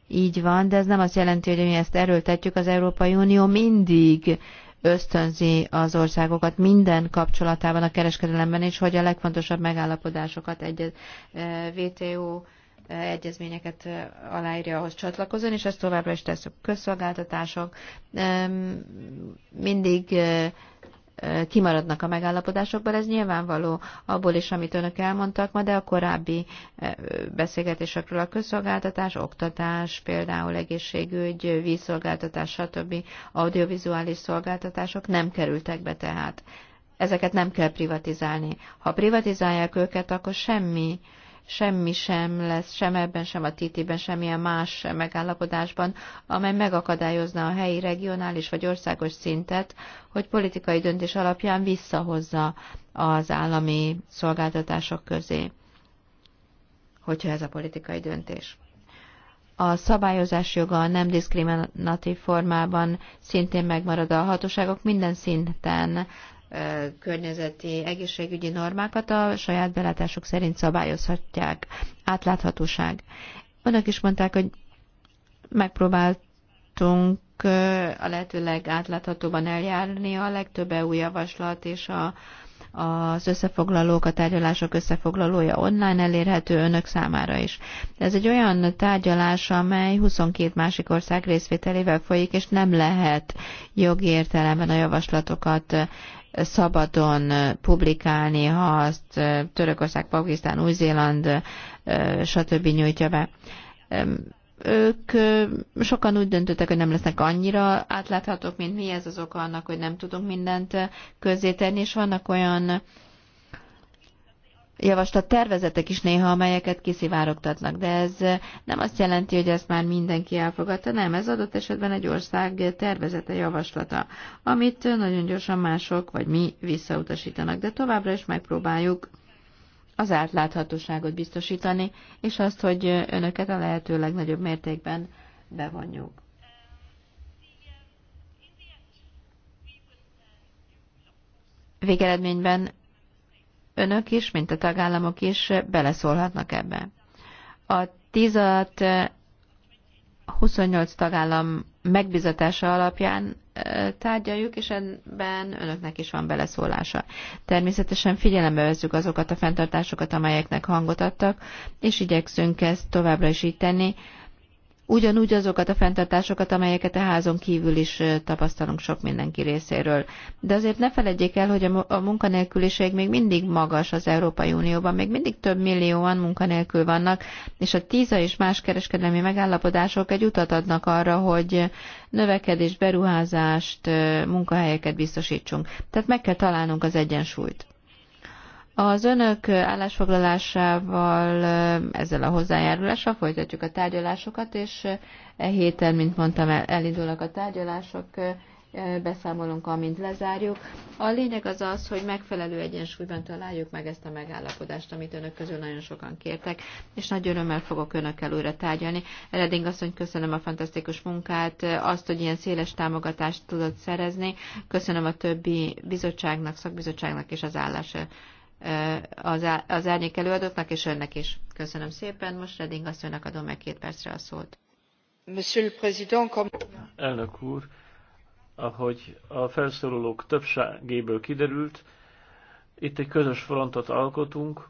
így van, de ez nem azt jelenti, hogy mi ezt erőltetjük, az Európai Unió mindig ösztönzi az országokat minden kapcsolatában a kereskedelemben, és hogy a legfontosabb megállapodásokat, egy eh, WTO eh, egyezményeket eh, aláírja, ahhoz csatlakozon, és ezt továbbra is teszünk. Közszolgáltatások mindig kimaradnak a megállapodásokból, ez nyilvánvaló abból is, amit önök elmondtak ma, de a korábbi beszélgetésekről a közszolgáltatás, oktatás, például egészségügy, vízszolgáltatás, stb. audiovizuális szolgáltatások nem kerültek be tehát. Ezeket nem kell privatizálni. Ha privatizálják őket, akkor semmi semmi sem lesz, sem ebben, sem a TT-ben, semmilyen más megállapodásban, amely megakadályozna a helyi, regionális vagy országos szintet, hogy politikai döntés alapján visszahozza az állami szolgáltatások közé, hogyha ez a politikai döntés. A szabályozás joga a nem diszkriminatív formában szintén megmarad a hatóságok minden szinten környezeti egészségügyi normákat a saját belátásuk szerint szabályozhatják. Átláthatóság. Önök is mondták, hogy megpróbáltunk a lehető legátláthatóban eljárni a legtöbb EU javaslat és a, az összefoglalók, a tárgyalások összefoglalója online elérhető önök számára is. Ez egy olyan tárgyalás, amely 22 másik ország részvételével folyik, és nem lehet jogi értelemben a javaslatokat szabadon publikálni, ha azt Törökország, Pakisztán, Új-Zéland, stb. nyújtja be. Ők sokan úgy döntöttek, hogy nem lesznek annyira átláthatók, mint mi, ez az oka annak, hogy nem tudunk mindent közzétenni, és vannak olyan javaslat tervezetek is néha, amelyeket kiszivárogtatnak, de ez eh, nem azt jelenti, hogy ezt már mindenki elfogadta, nem, ez adott esetben egy ország tervezete, javaslata, amit eh, nagyon gyorsan mások vagy mi visszautasítanak, de továbbra is megpróbáljuk az átláthatóságot biztosítani, és azt, hogy eh, önöket a lehető legnagyobb mértékben bevonjuk. Végeredményben önök is, mint a tagállamok is beleszólhatnak ebbe. A tízat 28 tagállam megbizatása alapján tárgyaljuk, és ebben önöknek is van beleszólása. Természetesen figyelembe veszük azokat a fenntartásokat, amelyeknek hangot adtak, és igyekszünk ezt továbbra is így tenni, ugyanúgy azokat a fenntartásokat, amelyeket a házon kívül is tapasztalunk sok mindenki részéről. De azért ne feledjék el, hogy a munkanélküliség még mindig magas az Európai Unióban, még mindig több millióan munkanélkül vannak, és a TISA és más kereskedelmi megállapodások egy utat adnak arra, hogy növekedés, beruházást, munkahelyeket biztosítsunk. Tehát meg kell találnunk az egyensúlyt. Az önök állásfoglalásával, ezzel a hozzájárulással folytatjuk a tárgyalásokat, és e héten, mint mondtam, elindulnak a tárgyalások, beszámolunk, amint lezárjuk. A lényeg az az, hogy megfelelő egyensúlyban találjuk meg ezt a megállapodást, amit önök közül nagyon sokan kértek, és nagy örömmel fogok önökkel újra tárgyalni. Redding asszony, köszönöm a fantasztikus munkát, azt, hogy ilyen széles támogatást tudott szerezni. Köszönöm a többi bizottságnak, szakbizottságnak és az állás Eh, az, árnyék előadóknak és önnek is. Köszönöm szépen, most Reding asszonynak adom meg két percre a szót. Monsieur le Président, comme... Elnök úr, ahogy a felszólalók többségéből kiderült, itt egy közös frontot alkotunk,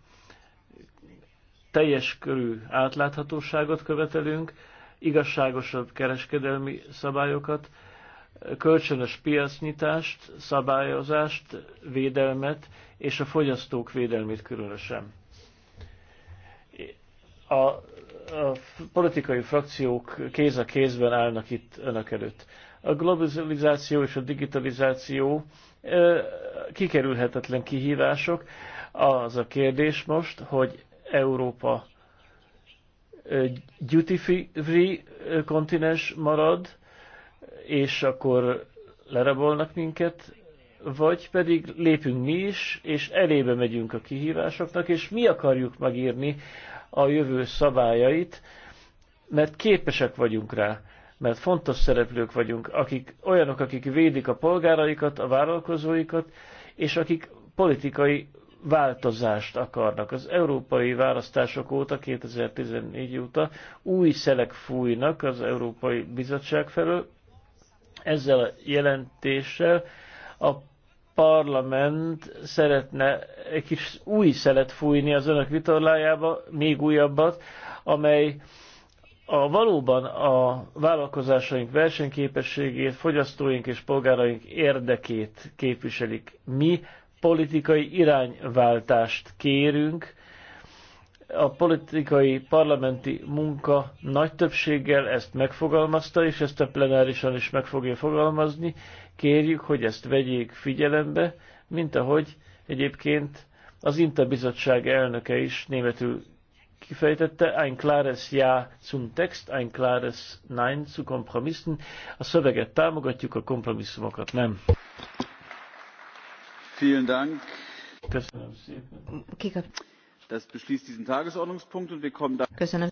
teljes körű átláthatóságot követelünk, igazságosabb kereskedelmi szabályokat, kölcsönös piacnyitást, szabályozást, védelmet és a fogyasztók védelmét különösen. A, a politikai frakciók kéz a kézben állnak itt önök előtt. A globalizáció és a digitalizáció kikerülhetetlen kihívások. Az a kérdés most, hogy Európa duty free kontinens marad, és akkor lerabolnak minket, vagy pedig lépünk mi is, és elébe megyünk a kihívásoknak, és mi akarjuk megírni a jövő szabályait, mert képesek vagyunk rá, mert fontos szereplők vagyunk, akik olyanok, akik védik a polgáraikat, a vállalkozóikat, és akik politikai változást akarnak. Az európai választások óta, 2014 óta új szelek fújnak az Európai Bizottság felől, ezzel a jelentéssel a parlament szeretne egy kis új szelet fújni az önök vitorlájába, még újabbat, amely a valóban a vállalkozásaink versenyképességét, fogyasztóink és polgáraink érdekét képviselik. Mi politikai irányváltást kérünk, a politikai parlamenti munka nagy többséggel ezt megfogalmazta, és ezt a plenárisan is meg fogja fogalmazni. Kérjük, hogy ezt vegyék figyelembe, mint ahogy egyébként az Intabizottság elnöke is németül kifejtette, ein klares Ja zum Text, ein klares Nein zu Kompromissen. A szöveget támogatjuk, a kompromisszumokat nem. Vielen Dank. Köszönöm szépen. Kikap. Köszönöm.